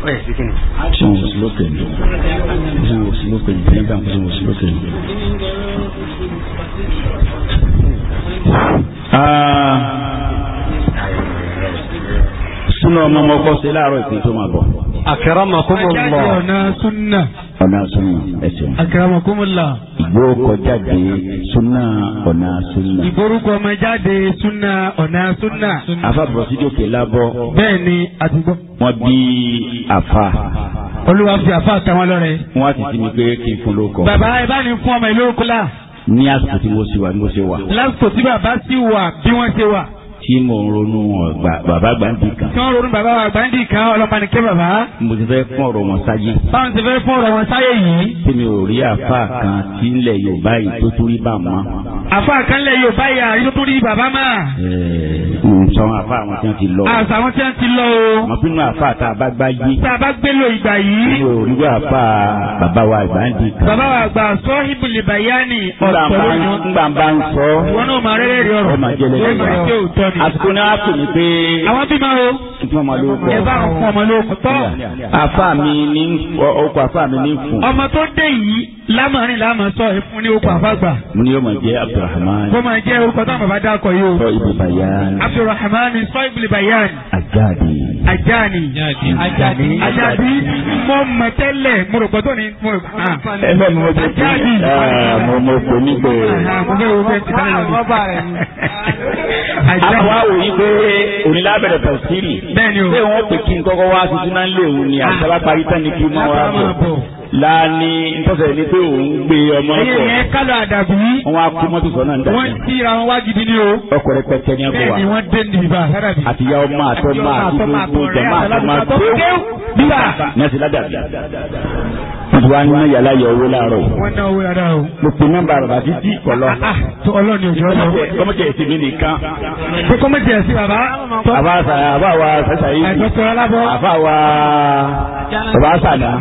shan wasu lokacin kusan wasu lokacin ne ban kusan wasu lokacin ah súnà ọmọ ọmọ kọ́ sí láàárọ̀ ìpín tó máa bọ̀. Akramakumullah. ọ̀nà súnà. ọ̀nà súnà ẹsẹ̀. Akramakumullah. ìgbó kọjáde súnà ọ̀nà súnà. ìgbórúkọ ọmọ jáde súnà ọ̀nà súnà. afa bọ̀sídòkè lábọ́. bẹ́ẹ̀ni àdúgbò. wọ́n bí afa olúwa fi àfa àtàwọn lọ́rẹ̀. wọ́n á ti ti mi pé kí n fún lóko. bàbá ẹ bá ní fún ọmọ ìlú kúlà. ní àsìkò tí mo sì wà ní mo ṣe wà. lásìkò tí bàbá sì wà bí wọ́n ṣe wà tí mo ronú bàbá gbàǹdì kan. tí wọ́n ronú bàbá gbàǹdì kan ọlọ́pàá ni kí bàbá. mo ti fẹ́ fún ọ̀rọ̀ wọn sáyé. báwo ti fẹ́ fún ọ̀rọ̀ wọn sáyé yìí. tí mi ò rí àfa kan tí ń lẹ yorùbá yìí tó tún rí bá mọ́. àfa kan lẹ yorùbá yìí àyè tó tún rí bàbá mọ́. ẹẹ sọ̀rọ̀ àfa àwọn tí wọ́n ti lọ. àṣà àwọn tí wọ́n ti lọ o. mo bínú àfa tá a bá gbá yí. tá a bá gbé lo ìgbà yìí. mi ò rí àfa bàbá wa gbàǹdì kan. bàbá wa gbà sọ ibùlì bàyá ni ọ̀tọ̀ lóyún àsìkò ní wàá pè mí pé. àwọn bímọ o. kí wọn máa ló kọ. ẹ bá wọn fún ọmọ ló kọ tọ. àfa mi ní ọkọ àfa mi ní fún. ọmọ tó dé yìí lámàrin lámà sọ ẹ fún ní ọkọ àfa gbà. ní yóò máa jẹ abdulrahman. kó máa jẹ orúkọ táwọn bàbá dákọ yìí o. sọ ibi bayan. abdulrahman sọ ibi bayan. ajadi. ajani. ajadi. ajadi. mo mọ tẹ́lẹ̀ mo rò pé tó ní. Ah. ẹ bẹ́ẹ̀ mo jẹ́ kí ah, mo kò ní gbèrè. mo fẹ́ wo fẹ́ ti bá wá wò yí pé òní lábẹ̀rẹ̀ tọ̀sírì. bẹ́ẹ̀ni o. ṣé wọ́n pè kí n kọ́kọ́ wá tuntun náà lè wò ni àtàlà parí tán ni kí n máa wá bọ̀. láàánú ntọ́sẹ̀ ni pé òun gbé ọmọ ọkọ. ẹyẹ yẹn kálọ̀ àdàbí. wọn á kú mọ́tò sọ́nà ńdà. wọ́n ti ra wọn wá gidi ni o. ọkọ rẹ pẹ tẹ ní ẹkọ wa. bẹ́ẹ̀ni wọn dé ní ibà sárabi. àtìyá ọmọ àtọ máa àti gbogbo jama àtọ máa tó. bíbà. ní tìlú wa ní yàrá yọ owó láàárọ̀ yìí. wọ́n ná owó yàrá o. mo pe nọ́mbà bàbá títí kọlọ. Ah, ah, ọlọ́ni òjò lọ. kọ́mọ̀jẹ̀ ẹ̀sìn mi nìkan. pé kọ́mọ̀jẹ̀ ẹ̀sìn bàbá. bàbá sa bàbá wa sẹ́sà yìí. ẹ̀ dọ́kítọ̀ alábọ̀. bàbá wa bàbá sàdá.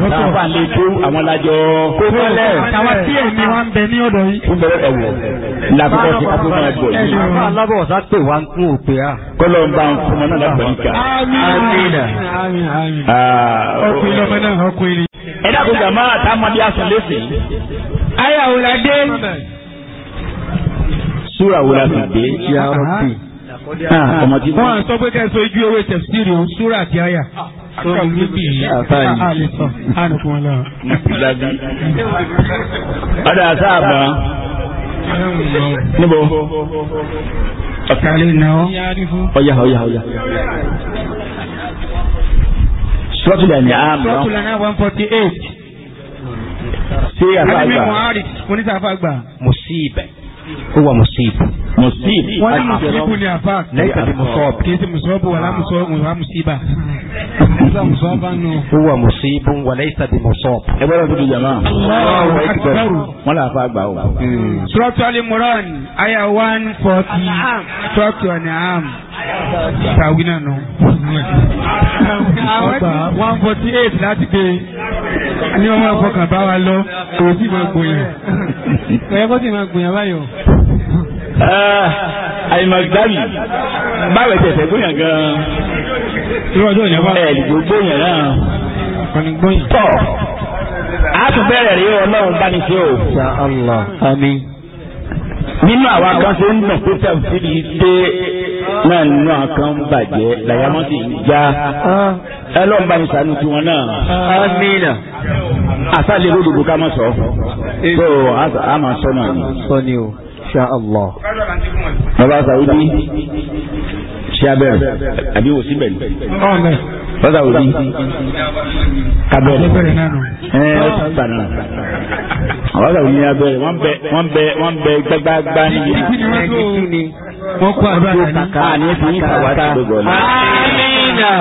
dọ́kítọ̀ bàbá lè tó àwọn lajọ. kó lẹ́ àwọn tí èmi wa ń bẹ ní ọ̀dọ̀ yìí. fún bẹ̀rẹ̀ ẹ̀wọ̀ làkúkọ ti kó máa gbọ̀ yìí. alábọ̀ sá pè wá ń kún òpè à. kọ́lọ́ ń bá ń fún ọmọ náà lágbàdìkà. Ah, ọkùnrin lọ́mọ náà ọkùnrin dákun jàmá àtàmọ́dé àsùn lẹ́sìn. ayé àwòrán-dé. súra àwòrán fi dé. Ah, ọmọ tí wọ́n sọ pé kẹ́sọ ojú ewé tẹ̀síìrì ń súra àti àyà. sọ́ọ̀rù níbi yìí àlè sọ ànùkú ah, wọn náà. ọ̀dà sáàbà níbo. ọ̀kàlẹ̀ náà. ọ̀yà ọ̀yà ọ̀yà sọ́tùlẹ̀ ní àmì náà. sọ́tùlẹ̀ náà one forty eight. ṣé àfa àgbà. onímọ̀ harris oníṣàfà àgbà. musib ó wà musib. musib. wọ́n ní musibu ni àfa. lẹ́yìn tàbí musọ́ọ̀bù. kì í ṣe musọ́ọ̀bù wàlá ah. musọ́ọ̀bù wàlá musiba huwa musibun wa laysa bi musab. ẹ bọ́dọ̀ tó di jama. wọ́n là fà gbà o. Hmm. suratul Imran aya one forty suratul An'am tàwí náà nù. one forty eight láti gbé ní ọmọ ọkọ̀ bá wa lọ kò sí máa gbòyàn. ẹ̀yẹ́ kó sì máa gbòyàn báyọ̀ ah, àìmọ̀gbáyì báwo ẹ̀jẹ̀ ẹ̀fẹ̀ gbóyàn gan-an ìrọ̀jọ́ ìyẹn wá. ẹ gbogbo yẹn náà. ọ̀pọ̀nigbó yẹn. tọ́ a tún bẹ̀rẹ̀ rí ọlọ́run bá ní ṣe o. ya Allah àmín. nínú àwa kan ṣe ń nà pé tàbí dé náà nínú àwọn kan ń bàjẹ́ làyàmọ́ sì ń já. Ah. ẹlọ́run bá ní sànú tiwọn náà. àmín asale lódodo ká ma sọ so a ma sọ náà. sọ ni o insha Allah. baba sawudi ṣé abẹ́rẹ́ àbí wò síbẹ̀ ni. lọ́dà wò bí abẹ́rẹ́ ẹ̀ ọ́ ti sàn náà. lọ́dà wò ní abẹ́rẹ́ wọ́n bẹ wọ́n bẹ wọ́n bẹ gbágbágbá níbi. wọ́n kó àdúrà ní. a ní fi ń sàwádà. amiina.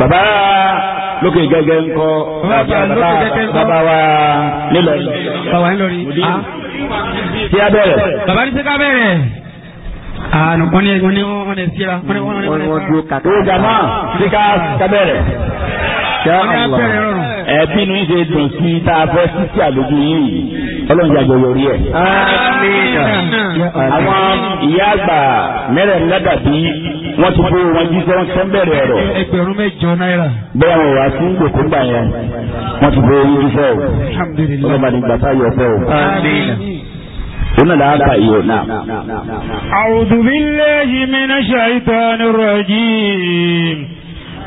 bàbá lókè gẹ́gẹ́ ń bàbá wa nílọrin. bàbá nílọrin. tí a ah. bẹ̀rẹ̀. bàbá ní sẹ́ká bẹ̀rẹ̀ àánú one, one, one, ní one, one, one, one, ní wọ́n ní wọ́n ní síra. owó jama ti ká kábẹ́rẹ̀. ẹbí nu ṣe dùn sí tá a fẹ́ sísí àlejò yìí ọlọ́run jàjọ yọrí ẹ̀. àwọn ìyá àgbà mẹ́rẹ̀ẹ́rin ládàbí wọ́n ti kó wọn jíṣẹ́ wọn tẹ́ ń bẹ̀rẹ̀ ẹ̀rọ. ẹgbẹ̀rún mẹ́jọ náírà. bẹ́ẹ̀ wọ́n wá sí gbòkó gbà yẹn wọ́n ti kó wọn jíṣẹ́ o. ọlọ́run bá ní gbàtà yọ fẹ́ o. هنا لا أيوه نعم أعوذ بالله من الشيطان الرجيم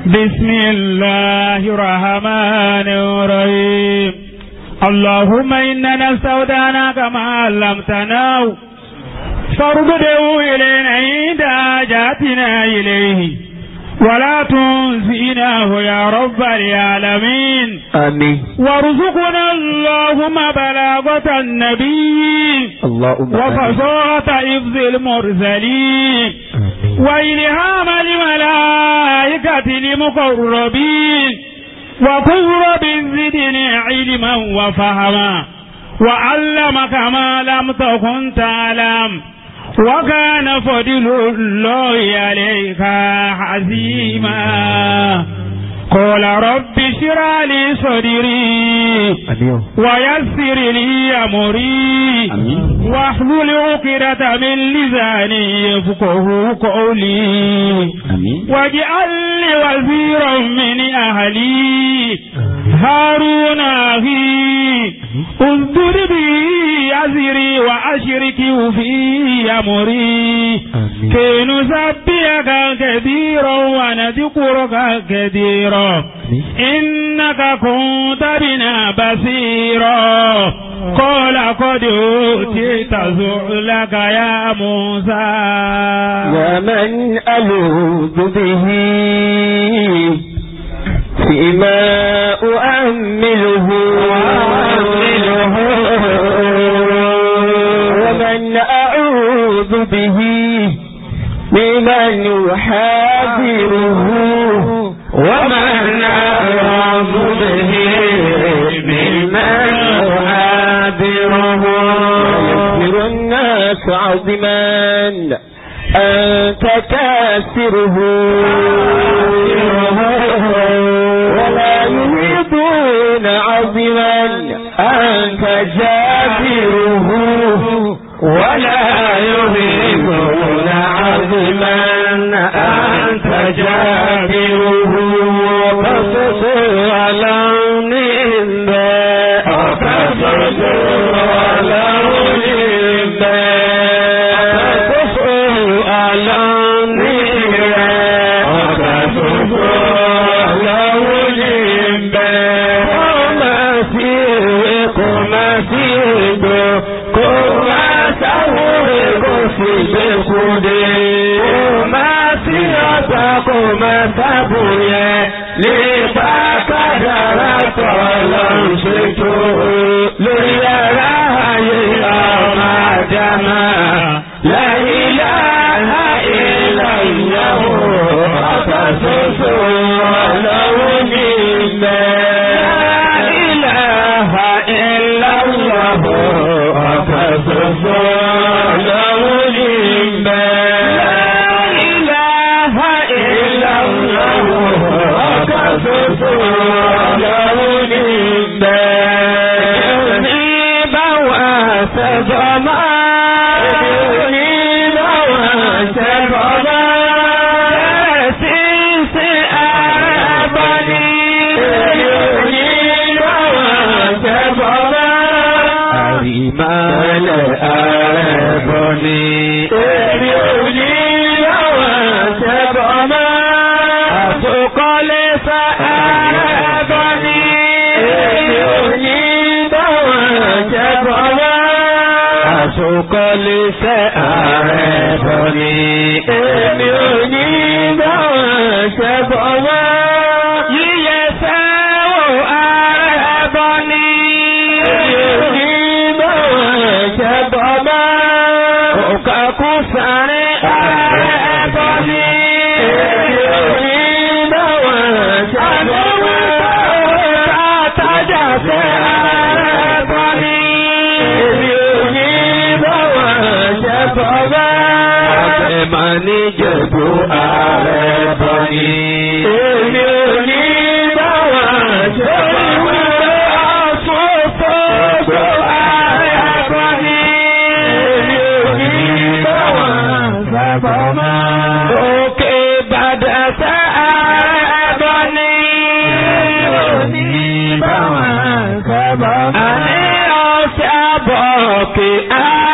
بسم الله الرحمن الرحيم اللهم إننا استودعناك ما علمتنا فارده إلينا عند حاجاتنا إليه ولا تنسيناه يا رب العالمين آمين وارزقنا اللهم بلاغة النبي اللهم وفصاحة إفز المرسلين وإلهام الملائكة المقربين وقر بالزدن علما وفهما وعلمك ما لم تكن تعلم وكان فضل الله عليك عظيما قال رب شرع لي صدري ويسر لي امري واحلل عقدة من لساني يفقه قولي واجعل لي وزيرا من اهلي هارون أخي انظر بي أزري وأشرك في أمري كي نسبيك كثيرا ونذكرك كثيرا إنك كنت بنا بصيرا قال قد أوتيت سؤلك يا موسى ومن ألوذ به فيما أؤمله وأؤمله ومن أعوذ به لمن يحاذره ومن أعوذ به لمن يحاذره يكبر الناس عظما أنت كاسره عاضلا أنت جابره ولا يهلكون عظما أنت جابره لا wọlé sẹ́ ààrẹ bọ̀ ni. Èmi ò ní bá wọn níjẹ̀bú ààrẹ bọ̀ ni. Èmi ò ní bá wà ṣe ìwé àsopọ̀ gbọ́ ààrẹ bọ̀ Èmi ò ní bá wà sábà máa. Òkè Bàdàsá ààrẹ bọ̀ Èmi ò ní bá wà sábà máa. Àní ọ̀sẹ̀ àbọ̀ òkè ààrẹ.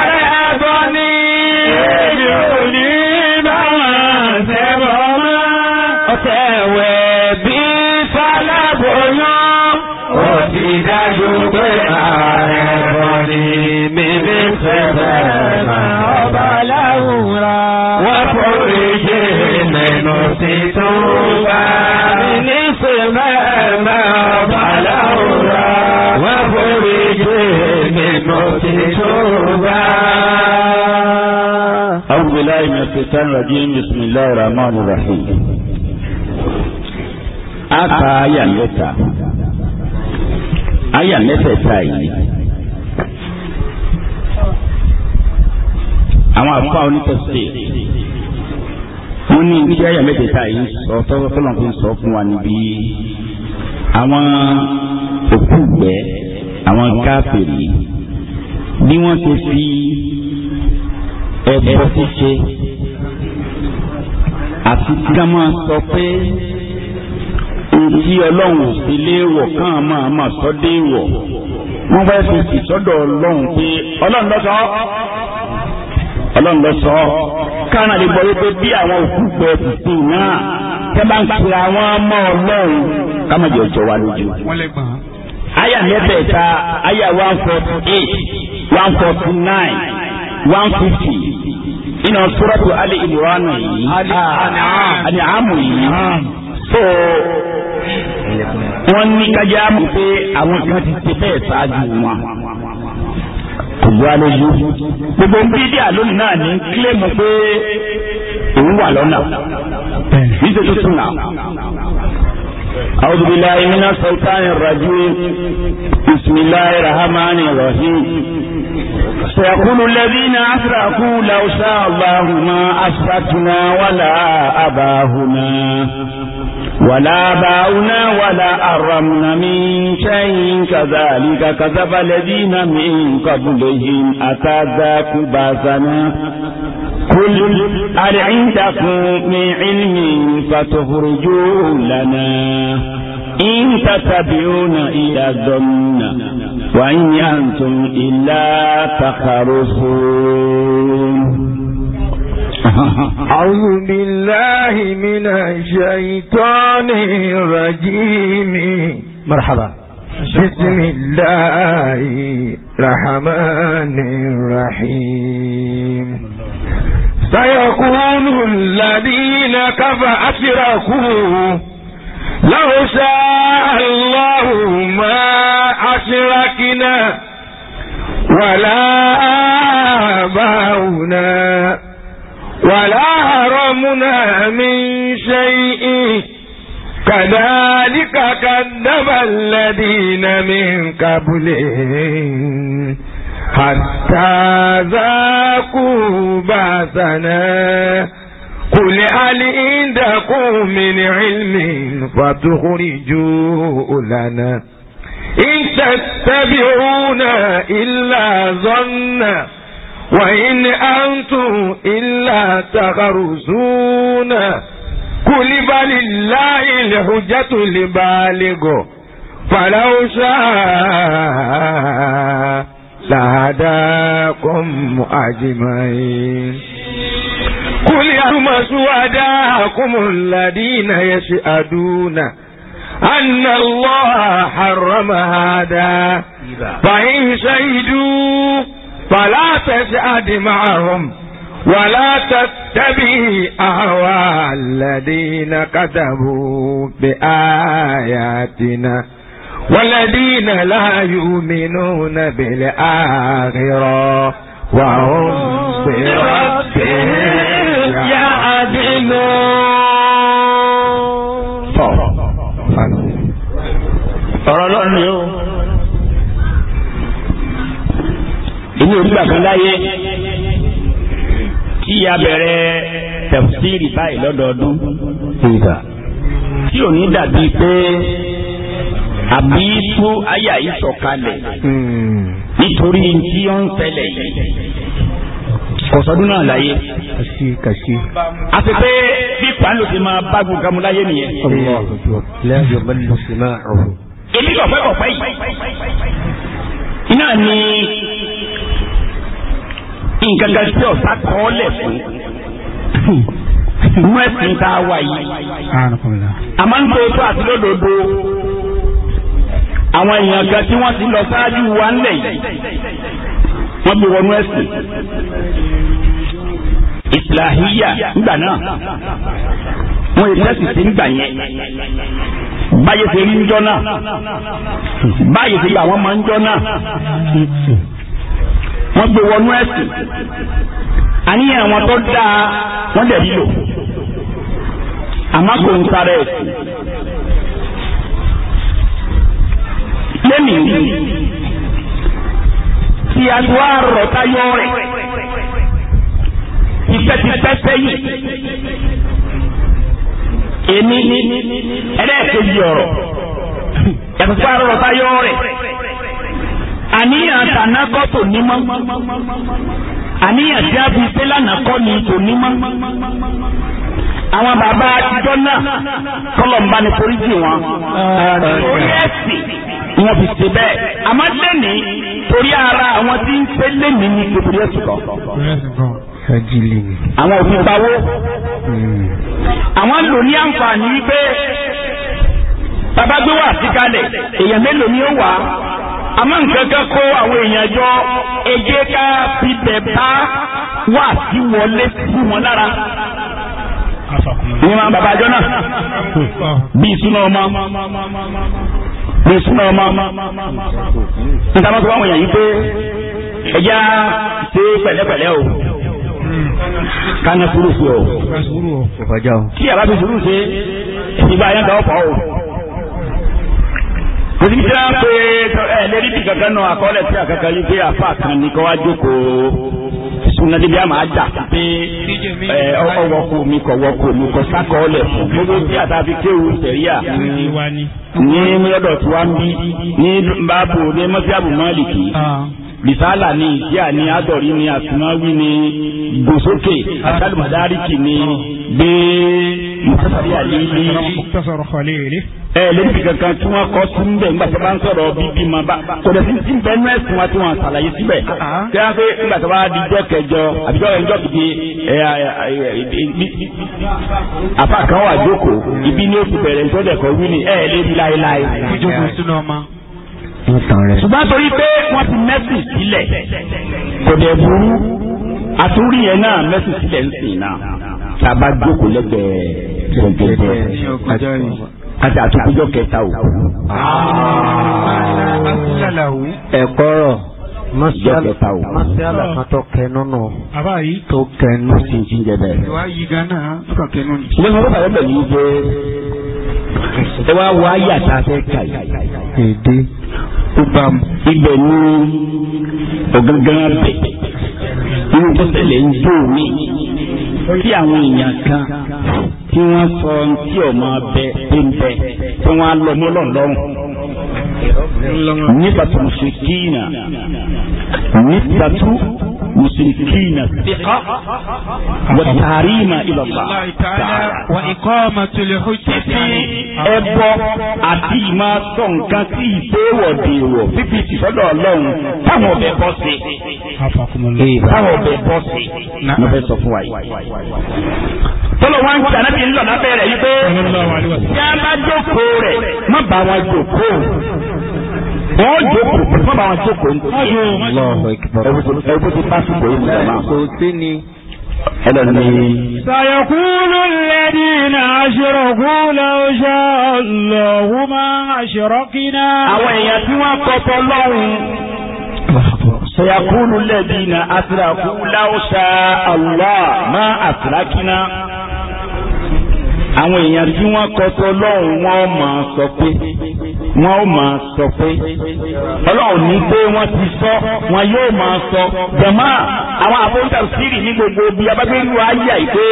أعوذ بالله من الشيطان الرجيم بسم الله الرحمن الرحيم Aka ayameta mẹ́ta, aya mẹ́tẹ̀ẹ̀ta yìí, àwọn àfáà onítọ̀sẹ̀, wọ́n ní ibi aya sọ tọ́wọ́ bí wọ́n ti fi ẹ̀bọ ṣíṣe àti tí ká máa sọ pé ntí ọlọ́run fi léèwọ̀ kán máa máa sọ déèwọ̀ wọ́n fẹ́ fi ìsọ́dọ̀ ọlọ́run pé ọlọ́run ló sọ ọlọ́run ló sọ káwọn àlè gbọ́ wípé bí àwọn òkú gbẹ tìtì náà tẹ́ bá ń kiri àwọn ọmọ ọlọ́run ká má jẹ́ ọjọ́ wa lójú. aya mẹ́tẹ̀ẹ̀ta aya one forty eight one forty nine one fifty iná sọ́rọ́tù alẹ́ ìmúránù yìí àní ah, àmù yìí so wọ́n ní kájá mú pé àwọn kan ti ṣe bẹ́ẹ̀ ṣáájú wọn gbogbo ń bídí àlónì náà ní kílèmù pé òun wà lọ́nà nítorí tuntun náà. أعوذ بالله من الشيطان الرجيم بسم الله الرحمن الرحيم سيقول الذين أشركوا لو شاء الله ما أشركنا ولا أباهنا ولا باؤنا ولا أرمنا من شيء كذلك كذب الذين من قبلهم أتذاك باسنا قل هل عندكم من علم فتخرجوه لنا إن تتبعون إلى الظن وإن أنتم إلا تخرصون أعوذ بالله من الشيطان الرجيم مرحبا بسم الله الرحمن الرحيم سيقول الذين كفى أشركوا لو شاء الله ما أشركنا ولا آباؤنا ولا هرمنا من شيء كذلك كذب الذين من قبلهم حتى ذاقوا بأسنا قل هل عندكم من علم فتخرجوا لنا إن تتبعون إلا ظنا وإن أنتم إلا تغرزون kùlíbálì láì lẹ́hùjá tó lè bá a lè gọ̀ fàlàóṣà làdákùn àjìmáyé. kùlí àrùmọ̀sù àdákùnmùn làdínà yẹsẹ̀ àdúnà. أن الله حرم هذا فإن شهدوا فلا تشهد معهم ولا تتبع أهواء الذين كذبوا بآياتنا والذين لا يؤمنون بالآخرة وهم بربهم يعدلون ọ̀rọ̀ lọ́rùn yóò inú ìgbà kan láyé tí a bẹ̀rẹ̀ tẹ̀síìrì báyìí lọ́dọọdún tí ò ní dàbí pé àbí tú àyà yìí sọ̀kalẹ̀ hmm. nítorí tí ó ń ṣẹlẹ̀ yìí kọ̀sọ́dún náà láyé. kàṣí kàṣí. a ti pé bí pàálù ti máa bá gbogbo gamu láyé nìyẹn. lẹ́yìn ọmọ ní sinmi àrùn. èmi kọ̀pẹ́ kọ̀pẹ́ yìí. iná ni nǹkan kan tí ọ̀sá kọ́ lẹ̀ fún inú ẹ̀sìn tá a wà yìí. àmọ́ nítorí tó àti lódodo àwọn èèyàn kan tí wọ́n ti lọ sáájú wa ńlẹ̀ yìí wọ́n gbé wọnú ẹ̀sìn ìsìláhíyà ńgbà náà wọn èdè sì ti ń gbà yẹn báyìí ṣe rí ń jọ náà báyìí ṣe gbà wọ́n máa ń jọ náà wọ́n gbé wọnú ẹ̀sìn àníyàn àwọn tó dáa wọ́n dẹ̀ lílò àmọ́ kò ń sára ẹ̀sìn. lẹ́nìí tí a tó àrọ̀ táyọ̀ rẹ̀ tipẹ́tipẹ́ sẹ́yìn èmi ẹlẹ́ẹ̀kejì ọ̀rọ̀ ẹ̀sùn tó àrọ̀ táyọ̀ rẹ̀. àníyàn tànákọ́ kò ní mọ́ àníyàn tí a fi kọ́ ni kò ní mọ́ àwọn bàbá àtijọ́ náà kọ́lọ̀ ń bá ní wọn orí ẹ̀sìn wọn fi ṣe bẹ́ẹ̀ àmọ́ lẹ́ni torí ara àwọn tí ń pé lẹ́ni ní ẹ̀sìn kan àwọn òfin pawó àwọn àmọ́ nǹkan kan kó àwọn èèyàn jọ ẹjẹ́ ká bíbẹ̀ bá wà sí wọlé sí wọn lára ìwọ̀n bàbá àjọ náà bí ìsúná ọmọ bí ìsúná ọmọ níta máa tó wáwọn èèyàn yìí pé ẹjẹ́ á ṣe pẹ̀lẹ́pẹ̀lẹ́ o kánà sùúrù sí o tí àbá fi sùúrù ṣe ìgbà yẹn kan ọ̀pọ̀ o. kò sí jẹ́ pé ẹ lérí bí kankan náà àkọọ́lẹ̀ tí àkàkà yìí pé àfa kan ní kó wá jókòó sunna níbi àmà àjà pé ẹ ọwọ́kù mi kọ̀ wọ́kù mi sákọọ́lẹ̀ fún gbogbo tí sẹ̀ríà ní bisala ni ìdíyà ni adọ̀rí ni àtúmáwí ni gbòsókè àtàlùmọ̀dárìkì ni bí mùsàlùmí àlèlè. ẹ lẹ́yìn kankan tí wọ́n kọ́ sí níbẹ̀ nígbà tí wọ́n bá ń sọ̀rọ̀ bíbí ma bá kọ̀dọ̀ sí ti nú ẹ̀sùn wa tí wọ́n ṣàlàyé síbẹ̀. kí wọ́n pé nígbà tí wọ́n á di jọ́ kẹjọ àbí jọ́ kẹjọ kìí àfa kan wà jókòó ibi ní oṣù bẹ̀rẹ̀ ìtọ́jẹ̀kọ̀ wí ni ẹ̀ẹ́dẹ́gbẹ̀láyéláyé. ìjókòó sínú ọmọ ìtàn rẹ̀. ṣùgbọ́n torí pé wọ́n ti mẹ́sì sílẹ̀ kò dẹ̀ burú àtúrí yẹn náà mẹ́sì sílẹ̀ ń sìn náà tá a bá jókòó lẹ́gbẹ̀ẹ́ gbẹ̀gbẹ̀ àti àtúkújọ kẹta o. ẹ̀kọ́ rọ̀ mọ́sálà mọ́sálà kan tó kẹnu nù. tó kẹnu sí ti jẹ bẹ́ẹ̀. ìwà yìí ni. ilé ìwé bàbá bẹ̀rẹ̀ yìí jẹ́ ẹ wá yàtà fẹ́ kà yìí ó bá ibẹ̀ ní ọ̀gángan abẹ inú tó tẹ̀lé ń dùn mí tí àwọn èèyàn kan tí wọ́n sọ tí ọmọ abẹ pé ń bẹ tí wọ́n á lọ mọ́ lọ́nlọ́run nígbà tó ń ṣe kíyìnà nígbà tó. مسركين الثقة والتحريم إلى الله تعالى وإقامة الحجة ẹbọ àti ìmọ̀ sọ nǹkan tí ìbéèwọ̀ dèèwọ̀ fífi ìtìsọ́dọ̀ ọlọ́run táwọn ọbẹ̀ bọ́ sí táwọn ọbẹ̀ bọ́ sí ló fẹ́ sọ fún wa yìí. tọ́lọ̀ wá ń kí ànábì ń lọ lábẹ́ rẹ̀ yí pé tí a bá jókòó rẹ̀ má bá wọn jókòó wọ́n jókòó wọ́n bá wọn jókòó ní. ẹ̀wọ́n ti bá sùpò yìí mùsùlùmá. kò sí ni. ẹlẹ́ni. sàyẹ̀kúlù lẹ́dí iná aṣọ́rọ̀kú lọ́ṣọ́ lọ́wọ́ máa aṣọ́rọ́kínà. àwọn èèyàn tí wọ́n kọ́kọ́ lọ́hùn. sàyẹ̀kúlù lẹ́dí iná aṣọ́rọ̀kú lọ́ṣọ́ àlùwà máa aṣọ́rọ́kínà. àwọn èèyàn tí wọ́n kọ́tọ́ lọ́hùn wọn ó máa sọ pé wọn máa sọ ọlọ́run ní pé wọ́n ti sọ wọn yóò máa sọ jẹ̀mọ́ àwọn àfọwọ́sà siri ní gbogbo bí abágbéru ayé àìpé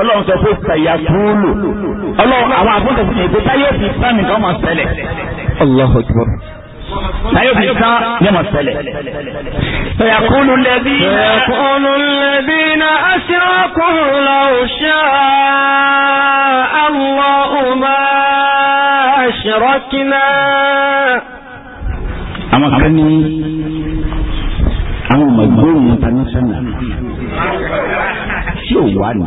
ọlọ́run sọ pé sàyà kúlù ọlọ́run àwọn àfọwọ́sà sírì ní pé òfin sàn أشركنا àwọn kan ní àwọn ọmọ ìgbóhùn international tí ò wá ní.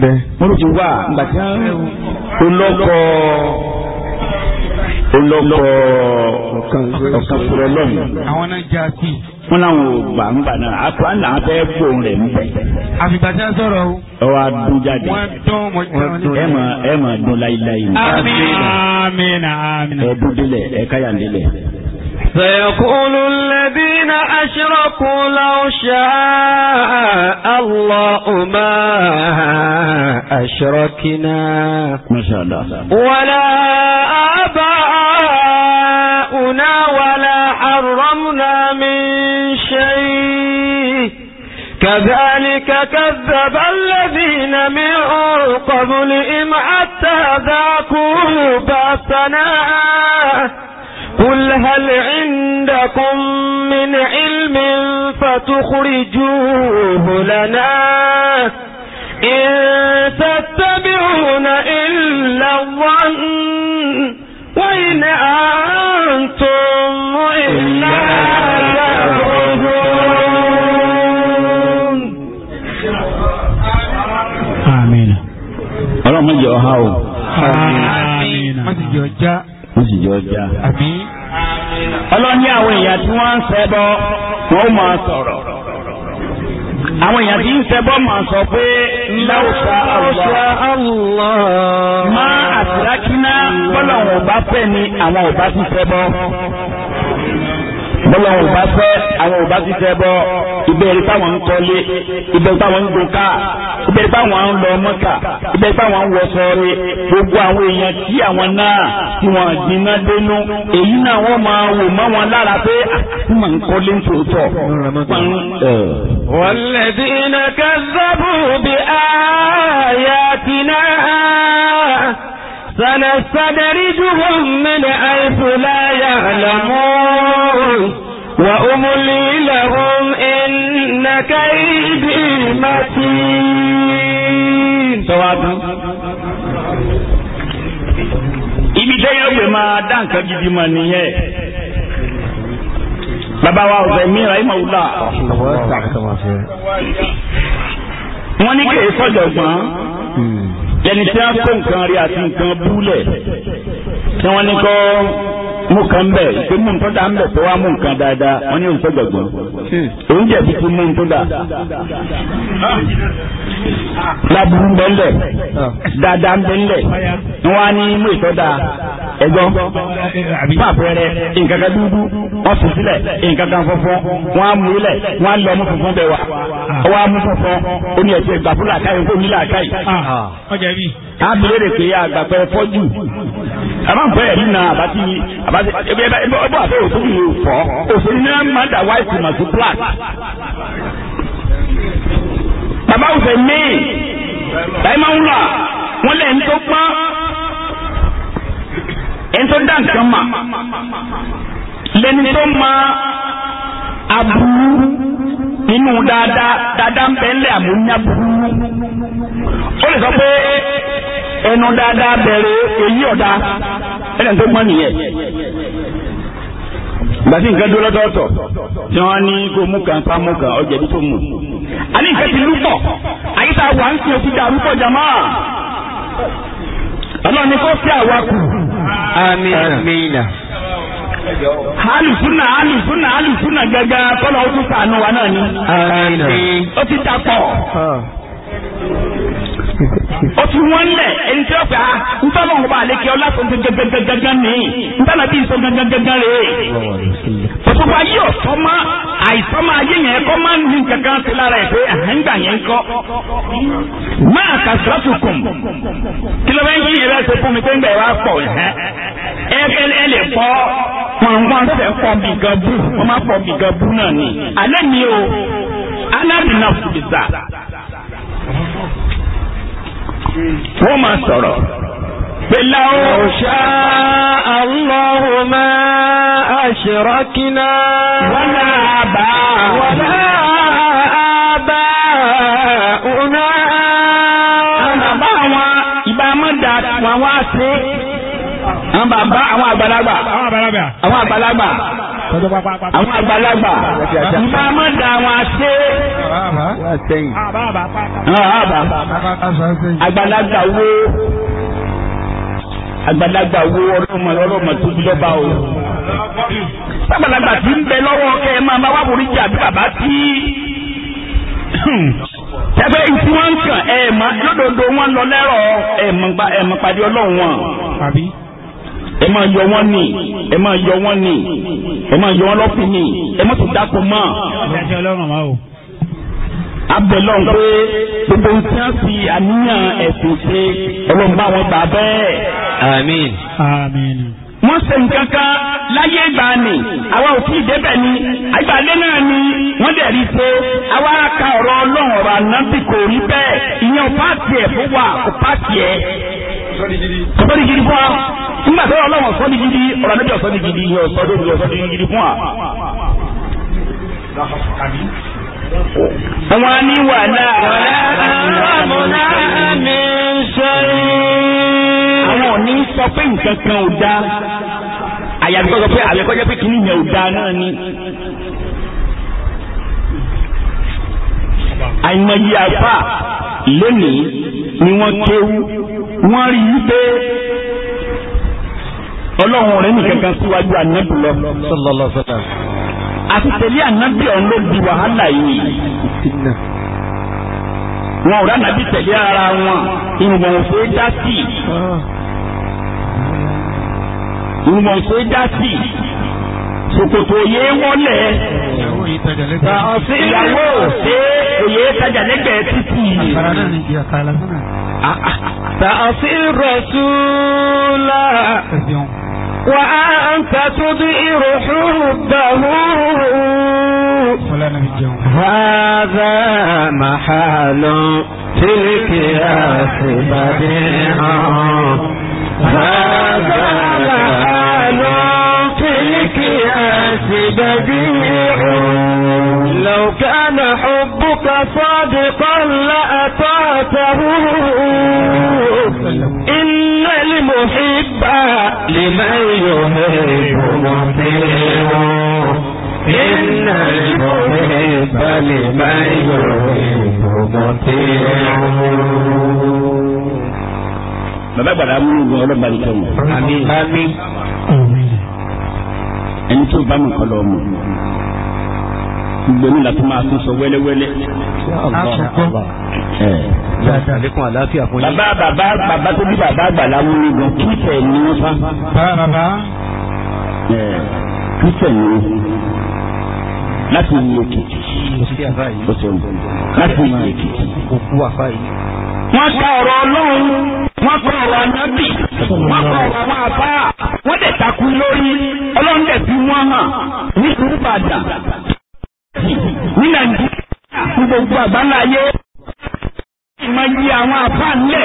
bẹ́ẹ̀ wọ́n ló ti wá olóko olóko ọ̀kan fúrẹ́ lọ́nà. àwọn náà já sí wọn làwọn ò ń bà náà ọ amina amina ẹ ẹ káyà سيقول الذين أشركوا لو شاء الله ما أشركنا ما شاء كذلك كذب الذين من قبلهم حتى ذاقوا بأسنا قل هل عندكم من علم فتخرجوه لنا إن تتبعون إلا الظن وإن آه jọ já. ọlọ́ni àwọn èèyàn tí wọ́n ń ṣẹbọ wọ́n máa sọ̀rọ̀ àwọn èèyàn tí ń ṣẹbọ máa sọ pé láwùsá Allah má àtìrákínà bọ́lá òun bá fẹ́ ni àwọn ò bá ti ṣẹbọ bọ́lá òun bá fẹ́ àwọn ò bá ti ṣẹbọ ìbéèrè táwọn ń kọ́lé ìbéèrè táwọn ń gun ibẹ̀ pé àwọn ń lọ mọ́kà ibẹ̀ pé àwọn wọ sọ́ọ́rí gbogbo àwọn èèyàn tí àwọn náà tí wọ́n gbiná dénú èyí náà wọ́n máa wò mọ́ wọn lára pé àti ah, màá ń kọ́lé tòótọ́. والذين كذبوا بآياتنا سنستدرجهم من حيث لا يعلمون وأملي لهم إن ككيد المتين سواب ibi tẹ́yìn ọgbẹ́ máa dá nǹkan gidi mọ̀ nìyẹn bàbá wa ọ̀sẹ̀ mi ra ìmọ̀ wúlà wọ́n ní kèé sọ̀jọ̀gbọ́n lẹ́ni tí wọ́n kó nǹkan rí àti nǹkan búlẹ̀ tí wọ́n ní kọ́. mú kan bẹ̀ ìpè mú nǹkan dá ń bẹ̀ tó wá mú nǹkan dáadáa wọ́n ní nǹkan gbàgbọ́ hmm. òun jẹ̀bi ti mú nǹkan dá laburu bẹ dáadáa bẹ wọn á ní mú ìtọ́ da fún àpẹẹrẹ nǹkan kan dúdú wọn nǹkan kan wọn á mú wọn á lọ mú funfun bẹ wa wọn á mú funfun ó ní ẹbí ẹbí ọbọ àti òfin yìí fọ òfin náà máa dà wáìtì mà sí black. bàbá òfin míì báyìí máa wọn lẹ́yìn tó pọ́n ẹni tó dá nǹkan mà lẹ́ni tó máa aburú inú dáadáa dáadáa ń bẹ́ńlẹ̀ àmúnyá burú. ó lè ẹnu dáadáa bẹ̀rẹ̀ èyí oda. ẹ̀rẹ̀ tó gbọ́n nìyẹn gbàtí nǹkan dúró lọ́tọ̀ọ̀tọ̀ tí wọ́n ní kó mú kan pa mú kan ọjà ibi tó mú. a ní nǹkan ti lúpọ̀ àyíká wà ń sin òkúta àrúpọ̀ jàmá. ọlọ́run ni kò fi àwa kù. Alufuna alùsùnà alùsùnà alùsùnà gẹ́gẹ́ tọ́lọ̀ ó sànù wa náà ni. o ti wọ́n lẹ̀ ẹni tí ó fẹ́ a ń tọ́lọ̀ ọba àlékè ọlá tó gẹ́gẹ́gẹ́gẹ́ ní ń tọ́lọ̀ bí nǹkan gẹ́gẹ́gẹ́ rè é. òṣùpá yìí ò sọ mọ́ àìsàn máa yé yẹn kọ́ máa ń ní kankan sí lára ẹ̀ pé àhẹ́ngbà yẹn kọ́. máa kà sọ́ọ̀tù kùn kí ló fẹ́ yí ìrẹ́ ṣe fún mi pé ń bẹ̀ wá pọ̀ ẹ lè pọ̀ pọ̀npọ̀n fẹ́ pọ̀ bìgàbù wọ́n máa pọ̀ bìgàbù náà ni. alẹ́ mi o wọ́n máa sọ̀rọ̀ pẹ̀lá o. ṣá Allahu ma ashrakna. wala aba. wala aba una. àwọn bàbá wọn ìbá mọ́dà wọn wá sí. àwọn bàbá àwọn àwọn àgbàlagbà. àwọn àgbàlagbà àwọn àgbàlagbà ìmọ̀ amọ̀dà wọn ṣe ah, ah, àgbàlagbà wo àgbàlagbà wo ọlọ́mọ ọlọ́mọ tó bí lọ́ba o àgbàlagbà tí ń bẹ lọ́wọ́ kẹ́ ẹ máa bá wà wòrí jà bí bàbá tí tẹ́fẹ́ ìtú wọn kàn ẹ̀ mọ́ lódodo wọn lọ lẹ́rọ̀ ẹ̀ mọ́ pàdé ọlọ́run wọn ẹ máa yọ wọ́n nì ẹ máa yọ wọ́n nì ẹ máa yọ wọ́n lọ́pìn nì ẹ má tún dáko mọ́. abẹ́lọ́ pé gbogbo ń tí wọ́n fi àníyàn ẹ̀sìn ṣe ọlọ́run bá wọn gbà bẹ́ẹ̀. àmín. àmín. wọ́n ṣe nǹkan kan láyé ìgbà ni àwa ò tí ì débẹ̀ ni àgbàlẹ́ náà ni wọ́n dẹ̀ rí i pé àwa ka ọ̀rọ̀ ọlọ́run ọ̀rọ̀ àná bí kò rí bẹ́ẹ̀ ìyẹn ò pàtì fún wa kò pàtì sọ́dí gidi fún wa nígbà tó ọlọ́wọ̀n sọ́dí gidi ọ̀rọ̀ níbi ọ̀sọ́dí gidi yẹn ọ̀sọ́dí gidi ọ̀sọ́dí gidi fún wa. wọ́n ní wà náà. àwọn òní sọ pé nǹkan kan ò dáa àyàfi kọ́ sọ pé àyàkọ́jọ́ pé kìíní yẹn ò dáa náà ni. àìmọye àfà lónìí ni wọ́n kéwú wọ́n rí wípé ọlọ́run rẹ̀ nìkan kan síwájú ànábì lọ. sallallahu alaihi wasallam. àti tẹ̀lé ànábì ọ̀hún ló di wàhálà yìí. wọn ò rà ànábì tẹ̀lé ara wọn ìwọ̀n òfé dá sí. ìwọ̀n òfé dá sí. ṣòkòtò yé wọlé. ìyàwó òfé òye tajà lẹ́gbẹ̀ẹ́ títì. فأصل رسولا وأنت تضئر حبه هذا محال في الكياس بديع هذا محال في الكياس بديع لو كان حبك صادقا لأطاعته إن المحب لمن يحب مطيع إن المحب لمن يحب مطيع bàbá gbàdá múlò gan ọlọ́ba ní kẹ́mọ̀. àmín. ẹni bá mi kọ́ mọ̀ gbogbo ní ìlàtọ́ máa tún sọ wẹ́lẹ́wẹ́lẹ́. bàbá bàbá bàbá tó bí bàbá àgbàlá mú ní gan kírísẹ̀ ni wọ́n fa. bàbá bàbá. kírísẹ̀ ni wọ́n láti ní èkìtì. láti ní èkìtì. wọ́n ka ọ̀rọ̀ ọlọ́run wọ́n ka ọ̀rọ̀ anábì wọ́n ka ọ̀rọ̀ àwọn àbá wọ́n dẹ̀ takú lórí ọlọ́run dẹ̀ fi wọ́n hàn nítorí bàdà ní nàìjíríà ní gbogbo àgbáńlá ayé máa yí àwọn àbá ńlẹ̀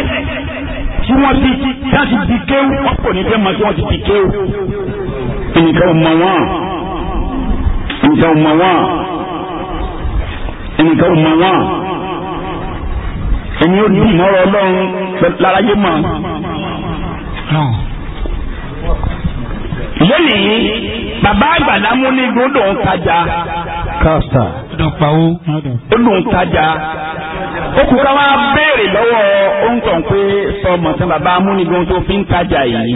tí wọ́n ti láti di kéwù ọ̀pọ̀ ní fẹ́ máa tí wọ́n ti di kéwù. nǹkan ọmọ wọn nǹkan ọmọ wọn nǹkan ọmọ wọn èmi ò ní ìmọ̀ràn ọlọ́run láráyé mọ́. lónìí bàbá àgbàlá mú ní igun tajà. káàsà. dọ̀pàwó. ó tajà. ó kù ká máa béèrè lọ́wọ́ oúntàn pé sọmọ tí bàbá amúnigun tó fi ń tajà yìí.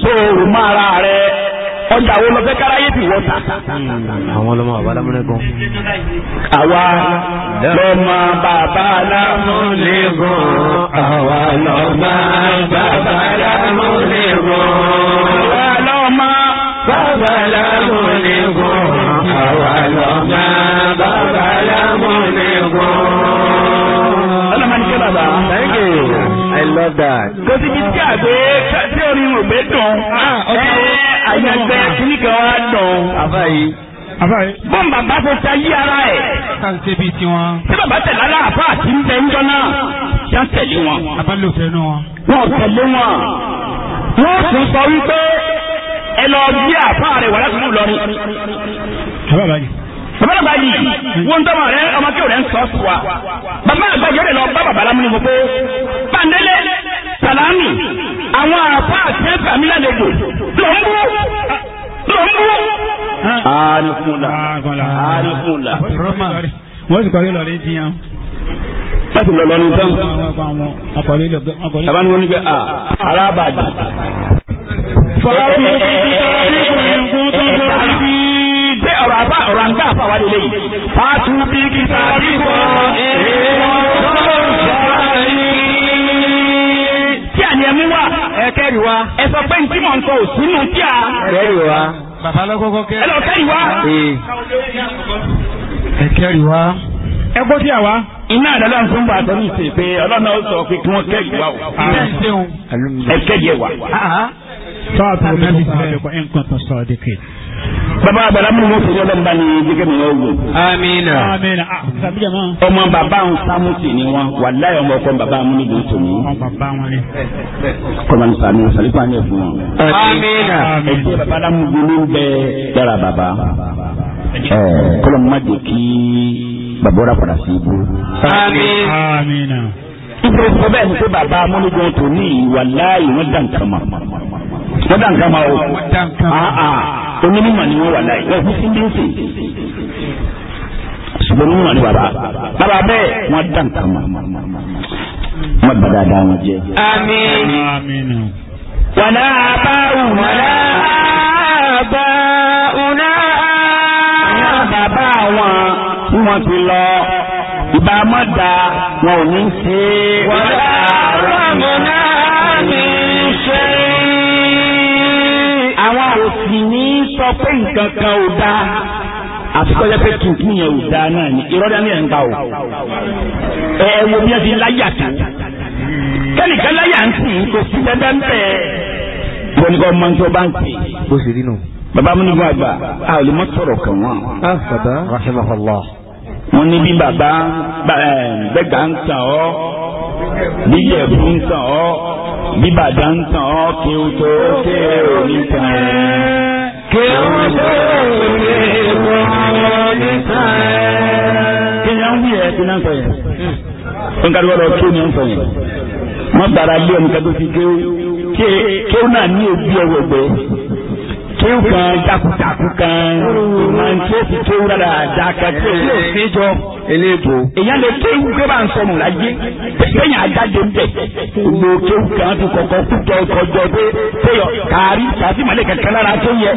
so òru máa rẹ ọjà wo lọ fẹ́ káráyé ti wọ́ta. àwọn ọlọmọ bàbá alámúnigun. àwa lọmọ bàbá alámúnigun. àwa lọmọ bàbá lámú ní gùn àwa lọ́mọ bàbá lámú ní i love that. kò sí ibi àgbẹ̀ tí orin ò gbé dùn. Ah, ẹ àyàgbẹ́ kìnnìkan wa dùn. àbáyé bọ́n bàbá ṣe ta ara ẹ̀. káńtì bíi tiwọn. tí bàbá tẹ̀lé aláàfà àti ń bẹ ń jọ náà já tẹ̀lé wọn. abálòfẹ́ náà. wọn tẹ̀lé wọn. wọ́n tún sọ wípé ẹ lọ bí àfa rẹ̀ wà láti lọ́rin. bàbá àgbà yìí wọ́n tọ́ ọmọ rẹ̀ ọmọ kí òrẹ́ ń sọ fún wa bàbá àgbà yìí ó lè lọ bá bàbá lámúni mo pé pàǹdélé sàlámì àwọn àfa àti ẹ̀fà mi lálejò lọ ń bú lọ ń bú. àníkùnlá àníkùnlá. wọ́n sì parí lọ́rin tiyan láti lọ lọ́nu tán. Àbáni wọn ní Ṣé ọ̀rọ̀ àbá ọ̀rọ̀ àgbà àfàwà lè léyìí? Fàtú bí kìtà bí kọ́ tí àní ẹmú wà. Ẹ kẹ́rì wa. Ẹ sọ pé ntí mọ̀ nǹkan ò sínú tí a. Kẹ́rì wa. Bàbá lọ́kọ́kọ́ kẹ́rì. Ẹ lọ kẹ́rì wa. Ẹ kẹ́rì wa. Ẹ gbọ́ sí àwa iná àdàlà ń fún bá àtọ́nù ìsè pé ọlọ́run náà sọ pé kí wọ́n kẹ́yìí wá o. ẹ̀kẹ́yìí wà sọ́ọ̀tù nàbí sílẹ̀ Bàbá àgbàlá mú mú fún ọlọ́mọba ní jíjẹ́ mi ní ogun. Amina. Amina. Ah, ọmọ bàbá ń sámú sí ni wọn, wà láyé ọmọ ọkọ bàbá mú níbi ètò mi. Ọmọ bàbá wọn ni. Kọ́mọ ní sàmì sàlíkọ́ àná ẹ̀fún wọn. Amina. Ẹ̀jẹ̀ bàbá lámúgbó ló ń dára bàbá. Kọ́mọ má jẹ́ kí bàbá ọ̀rà padà sí ibú. Amina. Ìfẹ́ sọ bẹ́ẹ̀ pé bàbá amúnigun tòní ìwà wọ́n dà nǹkan ma o aa onímọ̀ ni wọ́n wà láyé wọ́n fi sí ní sè ṣùgbọ́n onímọ̀ ni bàbá bàbá bẹ́ẹ̀ wọ́n dà nǹkan ma wọ́n bá dáadáa wọn jẹ. àmín wàlá abáwù wàlá abáwùná. àwọn bàbá wọn tí wọ́n ti lọ ìbá má da wọn ò ní ṣe. wàlá abáwùná mi ṣe àwọn òsì ní sọ pé nǹkan kan ò dáa àfikọ́jẹ́ pé tuntun yẹn ò dáa náà ni ìrọ́dá ní ẹ̀ ń pa o. ẹ wo bí ẹ ti láyà tó kẹ́nìkan láyà ń sìn kò sí dandan bẹ́ẹ̀. wọ́n ní kò mọ nítorí bá ń pè. bó ṣe rí nù. bàbá mi ní kò àgbà a ò lè mọ sọ̀rọ̀ kàn wọ́n. a ah, bàbá rahimahullah. wọ́n ní bí bàbá bẹ́ẹ̀ gà ń tàn ọ́ bí jẹ̀bú ń tàn ọ́ bíbàdàn tán ọ́ kí ó tó ké òní tán. kí ó tó ké òní tán. kí ni wọ́n wí ẹ̀ kí ni wọ́n sọ yẹn. ó ń kárí wọ́n lọ kí ni wọ́n sọ yẹn. wọ́n gbára lé ẹnìkan tó fi ké ké náà ní òbí ẹ̀wọ̀ gbé kéwù kan jákujàku kan mm. ìmọ̀ntẹ́sì kéwù dáadáa kan tí èyí ò fi jọ eléèbó. èyàn lè kéwù pé bá ń sọnù láyé kéyàn ajáde ń bẹ̀ lo kéwù kan tó kọ̀kọ́ kújọ kọjọ pé péyọ kàárí kàásì mọ́lẹ̀ kankan lára tó yẹ.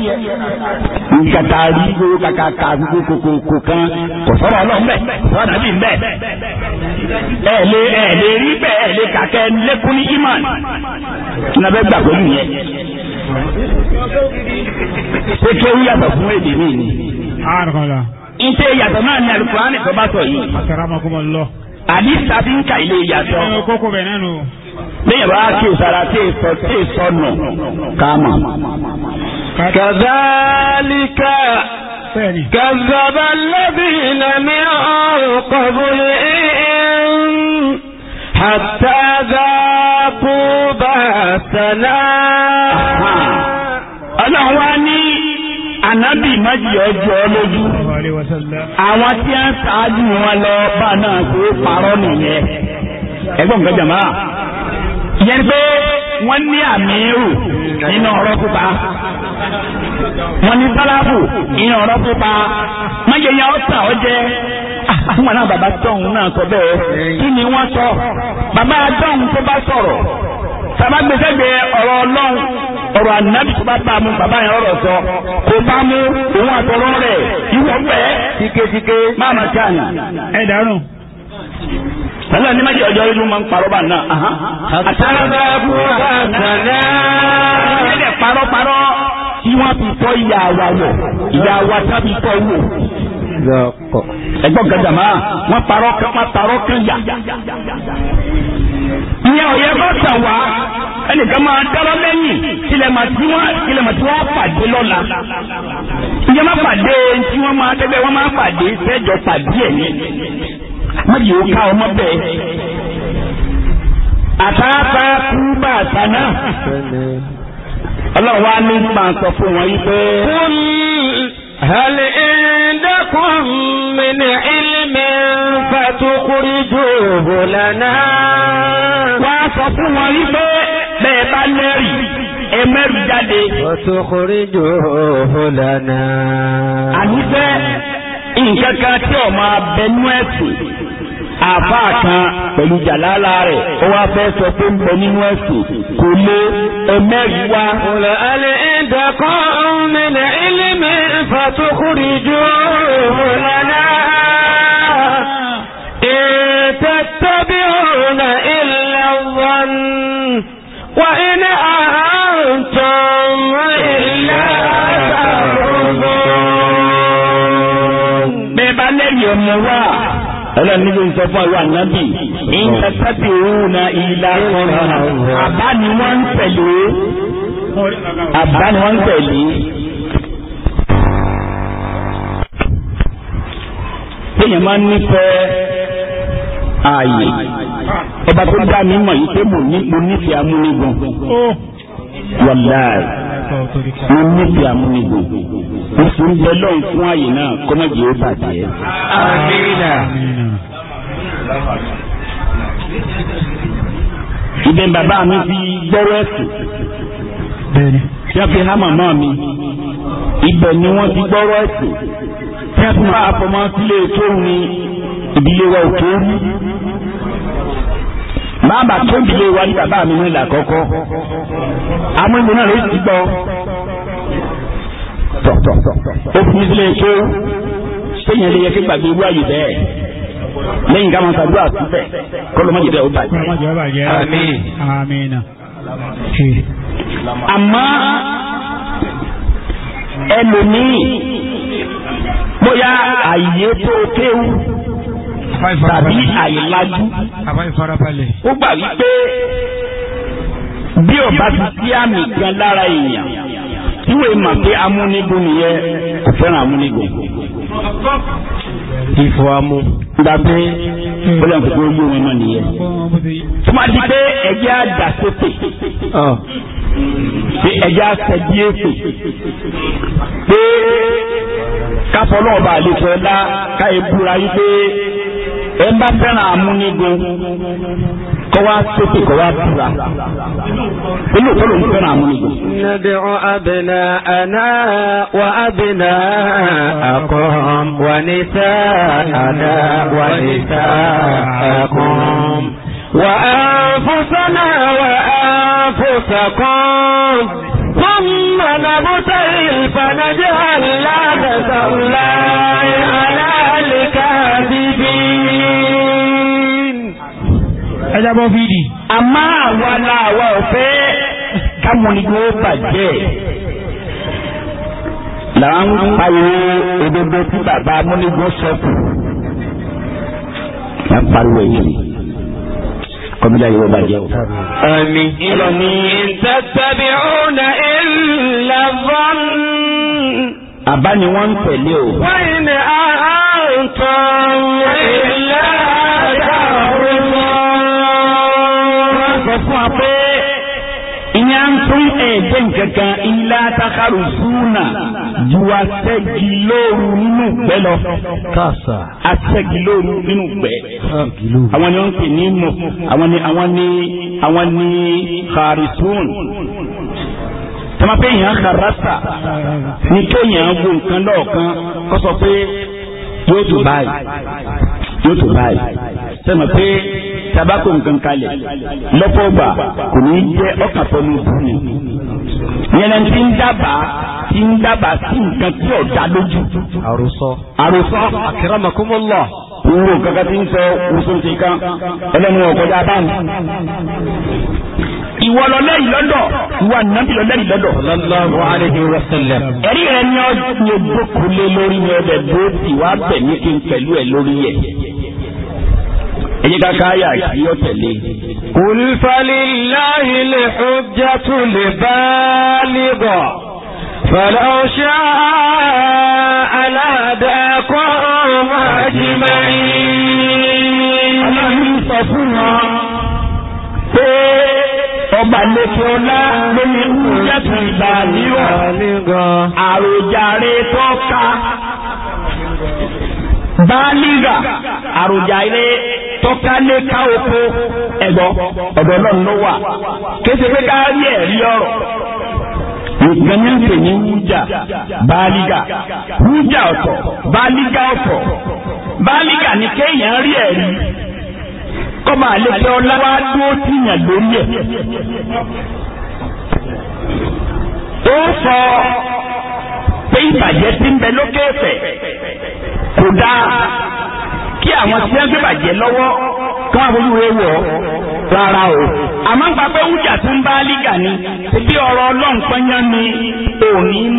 nkàtà arúgbó kàkà kà arúgbó kòkòkò kan kò sọ̀rọ̀ ọlọ́run bẹ̀ sọ̀rọ̀ dàbí bẹ̀. ẹ lè ẹ lè rí bẹ́ẹ̀ lè kàkẹ́ lẹ́kùn ní imán. nàbẹ́ gbàgbọ́ nìyẹn pé kí ewu yàtọ̀ fún èdè mi ni. Nse yàtọ̀ náà ni Alukurani tó bá sọ yìí. Àdìsá ti ń ka ilé yàtọ̀. Bẹ́ẹ̀ bá kí o sara tí èso tí èso nù ká Kàdálíkà. كذب الذين من قبلهم حتى ذاقوا بأسنا ọlọ́run wá ní ànábì méjì ọjọ́ lójú àwọn tí a ń ṣáájú wọn lọ bá náà kó parọ́ nìyẹn ẹgbọ́n nǹkan jàmbá yẹn pé wọ́n ní àmì rù nínú ọ̀rọ̀ pípa wọ́n ní sálábù nínú ọ̀rọ̀ pípa mọ́yẹ̀yẹ ọ̀sán ọ̀jẹ́ ah, àwọn náà bàbá náà sọ bẹ́ẹ̀ kí ni wọ́n sọ bàbá àdọ́hún tó bá sọ̀rọ̀ ọ̀rọ̀ ọ̀rọ̀ ànábì tó bá bá mu bàbá yẹn ọ̀rọ̀ sọ kò bá mu òun àtọ̀rọ̀ rẹ̀ ìwọ pẹ́ tíketíke máa ma ṣe àná. ẹ dànù. Sọlá ní májèlé ọjọ́ ojú máa ń parọ́ bá náà. Àtàlà fún àtàlà. Ìyẹ́dẹ̀ parọ́parọ́ tí wọ́n fi tọ́ ìyá wa wọ̀, ìyá wa tábí tọ́ wò lọ́kọ̀. ẹgbọ́n gàdà máa wọ́n parọ́ kan wọ́n parọ́ kan yà. ìyẹn ò yẹ kó tàn wá ẹnìkan máa dára lẹ́yìn kílẹ̀ mà tí wọ́n pàdé lọ́la ìjọba máa pàdé tí wọ́n máa tẹ́gbẹ́ wọ́n máa pàdé fẹ́jọ pàdé ẹ̀ ní mọ́jì ó ká ọmọ bẹ́ẹ̀ àtàtà kú bá àtà náà ọlọ́run wá ní pàǹtọ̀ fún wọn yìí pé. هل عندكم من علم فتخرجوه لنا وصفوا ويبقى tẹ́ ẹ bá lẹ́rìí ẹ mẹ́rù jáde. ọ̀tún kórè jò ó lànà. àníṣẹ́ nǹkan kan tí ò máa bẹnú ẹ̀sìn àfáà kan pẹ̀lú jàlálà rẹ̀ ó wá fẹ́ sọ pé ń bẹ nínú ẹ̀sìn kò lé ẹmẹ́rìí wá. ọ̀lẹ́ alẹ́ ìdàkọ́ ọ̀mìnà ilẹ̀mẹ̀ ìfàtúkùrì jù ó lànà. ètò yẹn wà ọlọ́run níbi ń fún àwọn ànábì ìtẹ̀sẹ́tì òun na ìlà kan àbá ni wọ́n ń tẹ̀lé àbá ni wọ́n ń tẹ̀lé. téèyàn máa ń nífẹ̀ẹ́ ààyè ọba tó dá mi mọ̀ yìí pé mo nífẹ̀ẹ́ amúnigun wàláì mo níbi àmúnigbò mo sì ń bẹ lọ́run fún àyè náà kọ́mọ̀jì ó bàjẹ́. ibẹ̀ bàbá mi fi gbọ́rọ̀ ẹ̀sìn tí a fi há màmá mi ibẹ̀ ni wọ́n ti gbọ́rọ̀ ẹ̀sìn tí a fi máa fọmọ sílé tó ní ìdílé wa ò tó rí bàbá tó ìdílé wa ní bàbá mi nílà kọ́kọ́ àwọn náà ló ti gbọ́ tọ̀tọ̀ ó fi sílé tó séyìn lè kí gbàgbé irú àyè bẹ́ẹ̀ lẹ́yìn ká máa ṣàdúrà síbẹ̀ kọ́lọ́mọ́jì bẹ́ẹ̀ ó bàjẹ́ àmín àmọ́ ẹlòmíì bóyá àyè tó kéwù tàbí àìlájú. ó gbà wípé bí ọba ti sí àmì kan lára èèyàn tí wọ́n mọ̀ pé amúnigun nìyẹn kò fẹ́ràn amúnigun. ìfọ̀ amú. gba pé bóyá nǹkan tó gbé wọn mọ̀ nìyẹn. tó máa di pé ẹ̀jẹ̀ á sókè ah. pé ẹja sẹbi èsè pé káfọlọ́ọ̀bà àlejò ọ̀la káyé búra yí pé ẹ bá fẹ́ràn amúnigun kọ́ wá sókè kọ́ wá búra inú kọ́ ló ń fẹ́ràn amúnigun. nàdìrún abìnà àná wà abìnà àkọ́m wà nísà àná wà nísà àkọ́m. وأنفسنا وأنفسكم ثم نبتهل فنجعل لا تسلم jábọ́ fídì. àmọ́ àwa la àwa fẹ́ káwọn ni yóò bàjẹ́ làwọn pariwo òdodo tí bàbá amúnigun sọ kù wọn pariwo èyí kọmílá yóò bàjẹ́ o. àmì ìlànà ìtàtàbíọ́nà ìlàbọ̀n. àbá ni wọ́n ń tẹ̀lé o. wọ́n ní àántọ́ wọ́n ní. nǹkan kan ilá takaru súnà ju atẹ́gi lóru nínú ìgbẹ́ lọ. kàṣà. atẹ́gi lóru nínú ìgbẹ́. àwọn ni wọ́n ń pè ní mọ̀ àwọn ni àwọn ni àwọn ni kàrísùn tọ́mọ pé yàn kàrásà ní kéèyàn wo nǹkan lọ́ọ̀kan kó sọ pé yóò tún báyìí yóò tún báyìí tọ́mọ pé tabako nǹkan kalẹ̀ lọ́pọ̀ ọgbà kò ní jẹ́ ọkàn fọlú bùnú yẹn lẹ́nu tí ń dábàá tí ń dábàá sí nǹkan tí ò dá lójú. àròsọ. àròsọ. akramakumullah. wúwo kankan tí ń sọ wùsùlùmí kan ẹlẹ́nu ọ̀kọ́jà báyìí. ìwọ lọ́lẹ́yìn lọ́dọ̀ ìwọ ànábì lọ́lẹ́yìn lọ́dọ̀. sallallahu alaihi wasallam. ẹ̀rí rẹ̀ ni ọ́ ní ojókòó lé lórí yẹn bẹ̀ bó ti wá bẹ̀ ní kí n pẹ̀lú ẹ̀ lórí yẹ ẹ̀yìn ká káyà kí ó tẹ̀lé. Qul falillahi al-hujjatu al-baligha falaw sha'a lahadakum ajma'in. Aláàbí sọ fún wọn pé ọba lókè ọlá lórí hujjatu al-baligha àròjàre tó ká. Báàlígà àròjà ilé tọ́kálé ká oko ẹ̀gbọ́n ọ̀dọ̀ náà ló wà kéṣe pé ká rí ẹ̀rí ọ̀rọ̀ nǹkan ní pè ní wújà báálígà wújà ọ̀tọ̀ báálígà ọ̀tọ̀ báálígà ni kéèyàn rí ẹ̀rí kọ́ba àlejò ọlá wá dúró tìyàn lórí ẹ̀ ó sọ pé ìbàjẹ́ ti ń bẹ lókè ẹ̀fẹ̀ kò dáa. kí àwọn tí wọ́n gbé bàjẹ́ lọ́wọ́ kí wọ́n fojú o. àmọ́ ń papẹ́ wújà tó ń bá lígà ni bí ọ̀rọ̀ ọlọ́run pẹ́yà mi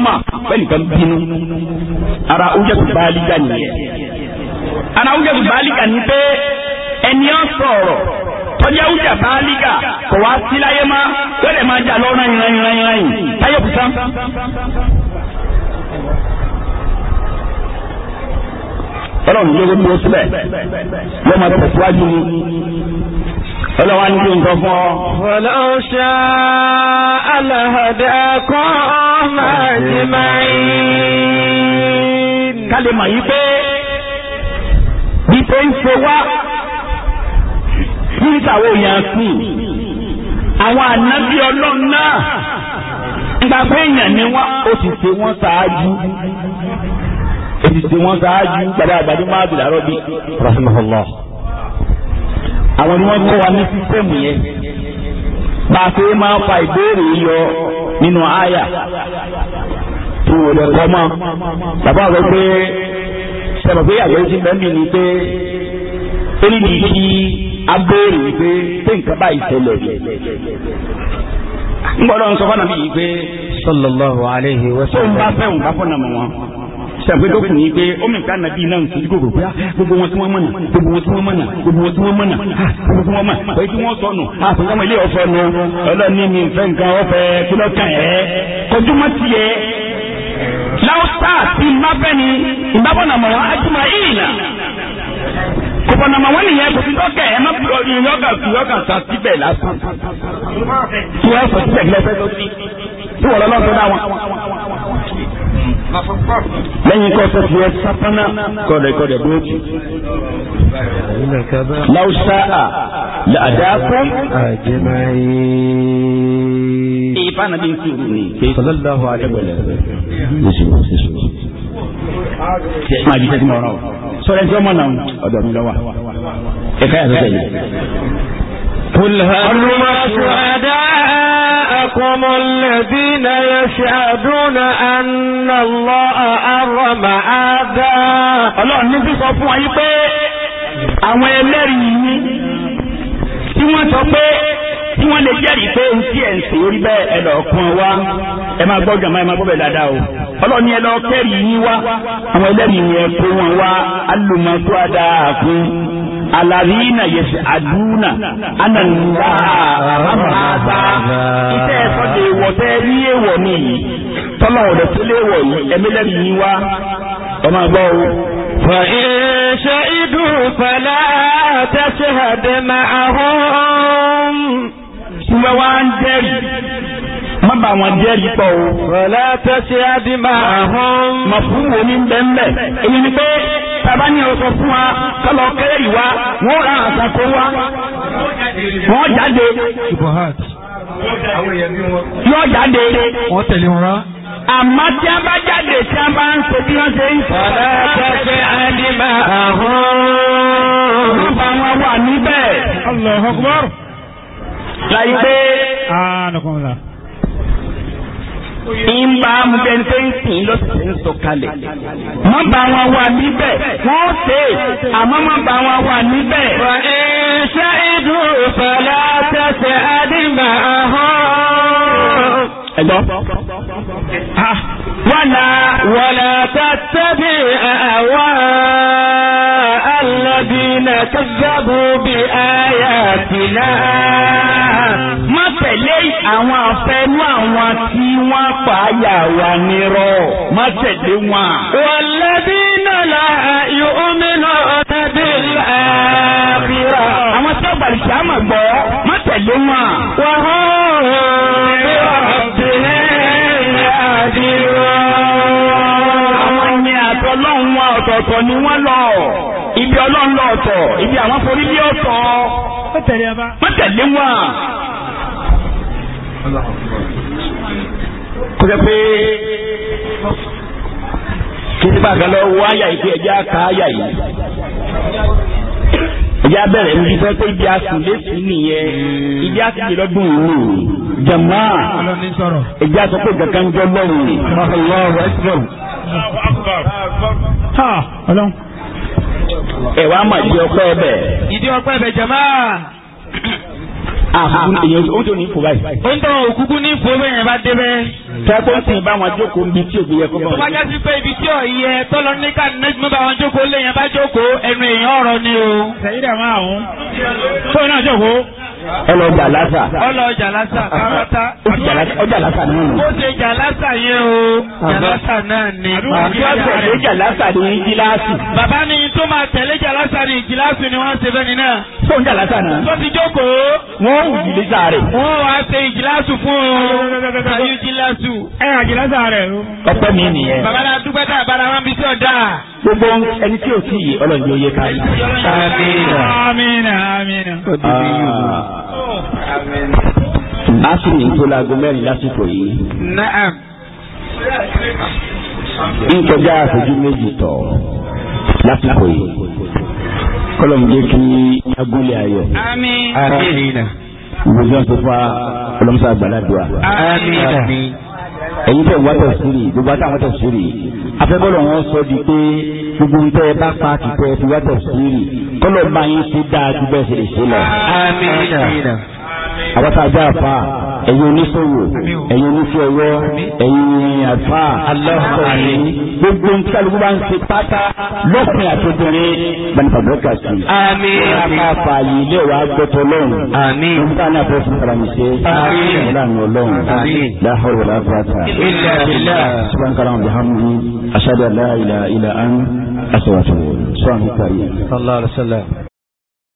mà pẹ́ẹ́nì bínú. ara tó bá lígà nìyẹn. ara wújà tó bá lígà ni pé ẹni ọ̀ sọ̀rọ̀ tọ́jà wújà bá lígà kò wá sí láyé má wẹ́lẹ̀ máa jà ọlọ́run ló gbogbo síbẹ̀ ló máa tẹ̀síwájú ni ọlọ́wà ní kí n kọ fún ọ. ọlọ́ṣà aláhàdà kọ́ máa ti máa ń. ká lè mọ̀ yí pé bí tó ń ṣe wá nígbà wo yàn sí àwọn ànábì ọlọ́run náà gbàgbé èèyàn ni wọ́n ó sì ṣe wọ́n ṣáájú. èsì tí wọ́n ṣáájú gbadá àgbàdo máa bìlà rọ́bì rahimahullah. àwọn ni wọ́n kọ́ wa ní sísẹ́mù yẹn bá a ṣe máa fa ìbéèrè yọ nínú àyà tó wò lè kọ́ mọ́ bàbá rẹ pé sọ̀rọ̀ pé àgbẹ̀ ti bẹ́ẹ̀ mi ni pé ó ní kí kí a pé nǹkan báyìí ṣẹlẹ̀ ń gbọ́dọ̀ mi yìí pé. wa bá fẹ́ fọ́nà mọ́ wọn. sàgbédókun ni pé ó mìíràn nàbí náà nsojú kò gbogbo gbogbo wọn tí wọn mọnà gbogbo wọn tí wọn mọnà gbogbo wọn tí wọn mọnà gbogbo tí wọn mọnà pé tí wọn sọnù àfọwọ́n ilé ọ̀fọ́ nu ọlọ́ni mi nfẹ́ nǹkan ọ̀fẹ́ kílọ̀kà ẹ̀ kọjú mọ́ tiẹ̀ láwùsá ti má bẹ́ẹ̀ ni ìbábọ̀nà mọ̀ wọn ájúmọ̀ ìlà kọ̀pọ̀nà mọ̀ wọn nìyẹn kò fi lọ́kẹ̀ ẹ̀ má bọ̀ ní yọ̀gà yọ̀gà sá síbẹ̀ lásán tí wọ́n sọ síbẹ̀ lẹ́fẹ̀ẹ́ lọ́sí tí wọ́n lọ́lọ́ lẹ́yìn kọ́ sọ tiẹ̀ sápánà kọ́dẹ̀ kọ́dẹ̀ bóòtù. lausa a làdákùn. ìfànà bí n sùúrù ni. sọlọ́láhu alẹ́gbẹ̀lẹ̀. máa jí sẹ́tìmọ̀ ọ̀rọ̀ sọ̀rọ̀ ẹ̀jẹ̀ ọmọ náà ọ̀dọ̀ mi lọ́wọ́ ẹ̀ka yàtọ̀ sẹ́yìn. قل هل شهداء جاءكم الذين يشهدون أن الله أرم هذا ọlọ́run ní sísọ fún ayé pé àwọn ẹlẹ́rìí tí wọ́n sọ pé tí wọ́n lè jẹ́rìí pé ohun tí ẹ̀ ń sè orí bẹ́ẹ̀ ẹ lọ kàn wá ẹ máa gbọ́ jàmbá ẹ máa gbọ́ dáadáa o ọlọ́ni ẹ lọ kẹ́rì yín wá àwọn ẹlẹ́rìí yẹn kó wọn wá alùmọ̀tò àdáàkún alàríyìnà yẹsẹ àdúnà ànàlá àmàlà iṣẹ́ ẹ̀fọ́ de wọ̀ tẹ́ rí èèwọ̀ nìyí tọ́lọ̀ ọ̀dọ̀ tó léèwọ̀ yìí ẹ̀mẹ́lẹ́rìí yín wá ẹ máa gbọ́ o. فإن شهدوا فلا تشهد معهم tí wọ́n wá ń dẹ́rì má bà wọn dẹ́rì pọ̀ o. wọlé tẹsí adimá. mà fún wo ní bẹ́ẹ̀ èyí ni pé bàbá ni o sọ fún wa kọlọ kẹrẹ ìwà wọn ra àṣà kó wa wọn jáde. yóò jáde. wọ́n tẹ̀lé wọn rá àmọ́ tí a bá jáde tí a bá ń ṣe bí wọ́n ṣe ń sọ. Fọlákẹ́sẹ́ Adébá àhún. Wọ́n bá wọn wà níbẹ̀. Allahu Akbar láyé pé ìmbà mùtẹ́ntẹ́ntì ló ti ń sọ̀kalẹ̀. má bá wọn wà níbẹ̀ wọ́n ṣe àmọ́ má bá wọn wà níbẹ̀. wà á ṣe ìdú ìfọ̀lá tẹ̀sẹ̀ àdìmọ̀ ọ̀hún. ẹ̀gbọ́n. wàlà wàlà tàbí àwọn. كذبوا بآياتنا má tẹ̀lé àwọn àfẹnú àwọn tí wọ́n pààyà wà nírọ́ má tẹ̀lé wọn. والذين لا يؤمنون بالآخرة. àwọn tí wọ́n gbàlùkì àmọ̀ gbọ́ má tẹ̀lé wọn. وهم بربهم يعدلون. àwọn ni àtọ́lọ́hún ọ̀tọ̀ọ̀tọ̀ ni wọ́n lọ ibi ọlọ́run lọ́ọ̀tọ̀ ibi àwọn forí lé ọ̀tọ̀ mọ́tẹ̀lé wà. kó jẹ́ pé kí n bá kan lọ wọ àyà yìí pé ẹja ká àyà yìí ìyá bẹ̀rẹ̀ ń bísẹ́ pé ibi asùnlẹ́sì nìyẹn ibi asùnlẹ́sì lọ́dún ìlú jama ibi asọ́pọ̀ kankan jọ lọ́rùn. ọlọ́run. ẹ̀wà mà di ọpẹ́ ẹbẹ̀. ìdí ọpẹ́ ẹbẹ̀ máa. tó ní ní yẹn bá tẹ́kọ̀ sì bá wọn jókòó níbi tí òbí yẹ kó bá wọn. tó bá já sí pé ibi tí ò yẹ tọ́lọ ní ká nínú bá wọn jókòó léèyàn bá jókòó ẹnu èèyàn ọ̀rọ̀ ni o. sẹ́yìn dàmú àwọn tó náà jókòó. ọlọjà lásà. ọlọjà lásà káráta. ọjà lásà ni wọn. ó ṣe jà lásà yẹn o. jà náà ni. àdúrà jà lásà ni gíláàsì. bàbá mi tó máa tẹ̀lé jà lásà ni gíláàsì ni wọ́n ṣe fẹ́ ni náà. tó jà lásà náà. tó ti jókòó. wọ́n ò wù jù. ẹ àjìlá sàárẹ̀ o. ọpẹ́ mi nìyẹn. babalá dúpẹ́ tá a bára wọn bí tí ò dáa. gbogbo ẹni tí ò tí yé ọlọ́run yóò yé ká yìí. amina amina. a sì ní ìpolówó mẹ́rin lásìkò yìí. naam. àfojú méjì tọ̀ lásìkò yìí. kọlọ̀mù jẹ́ kí agúlẹ̀ ayọ̀. amina. Gbogbo ọ̀sán fún wa ọlọ́mùsá àgbàlá dùn wa. Àmín ẹ̀yin tẹ̀ wá tẹ̀síìrì gbogbo àtàwọn tẹ̀síìrì afẹ́bọ́lọ̀ wọn sọ di pé gbogbo ntẹ́ bá pa kìkẹ́ fi wá tẹ̀síìrì kọ́lọ̀ bá yín ti dáa ju bẹ́ẹ̀ ṣe lè ṣe lọ. àmín. àwọn tá a já a ẹ̀yin oníṣòwò ẹ̀yin oníṣẹ́ ọwọ́ ẹ̀yin àfa àlọ́kọ̀ọ́yìn gbogbo ní kálukú bá ń ṣe pátá lọ́kùnrin àti obìnrin bẹnifàbẹ́kà sí. àmín àmà fààyè ilé wa gbẹtọ lọ́run. àmín nígbà náà bẹ́ẹ̀ fún faransé. àmín ìlànà ọlọ́run. àmín láhùrù wàlá fàtà. ilà ilà. subahana kalan bihamdi asadu ala ila ila an asawatu. sọ àmì kari. sallallahu alaihi wa sallam.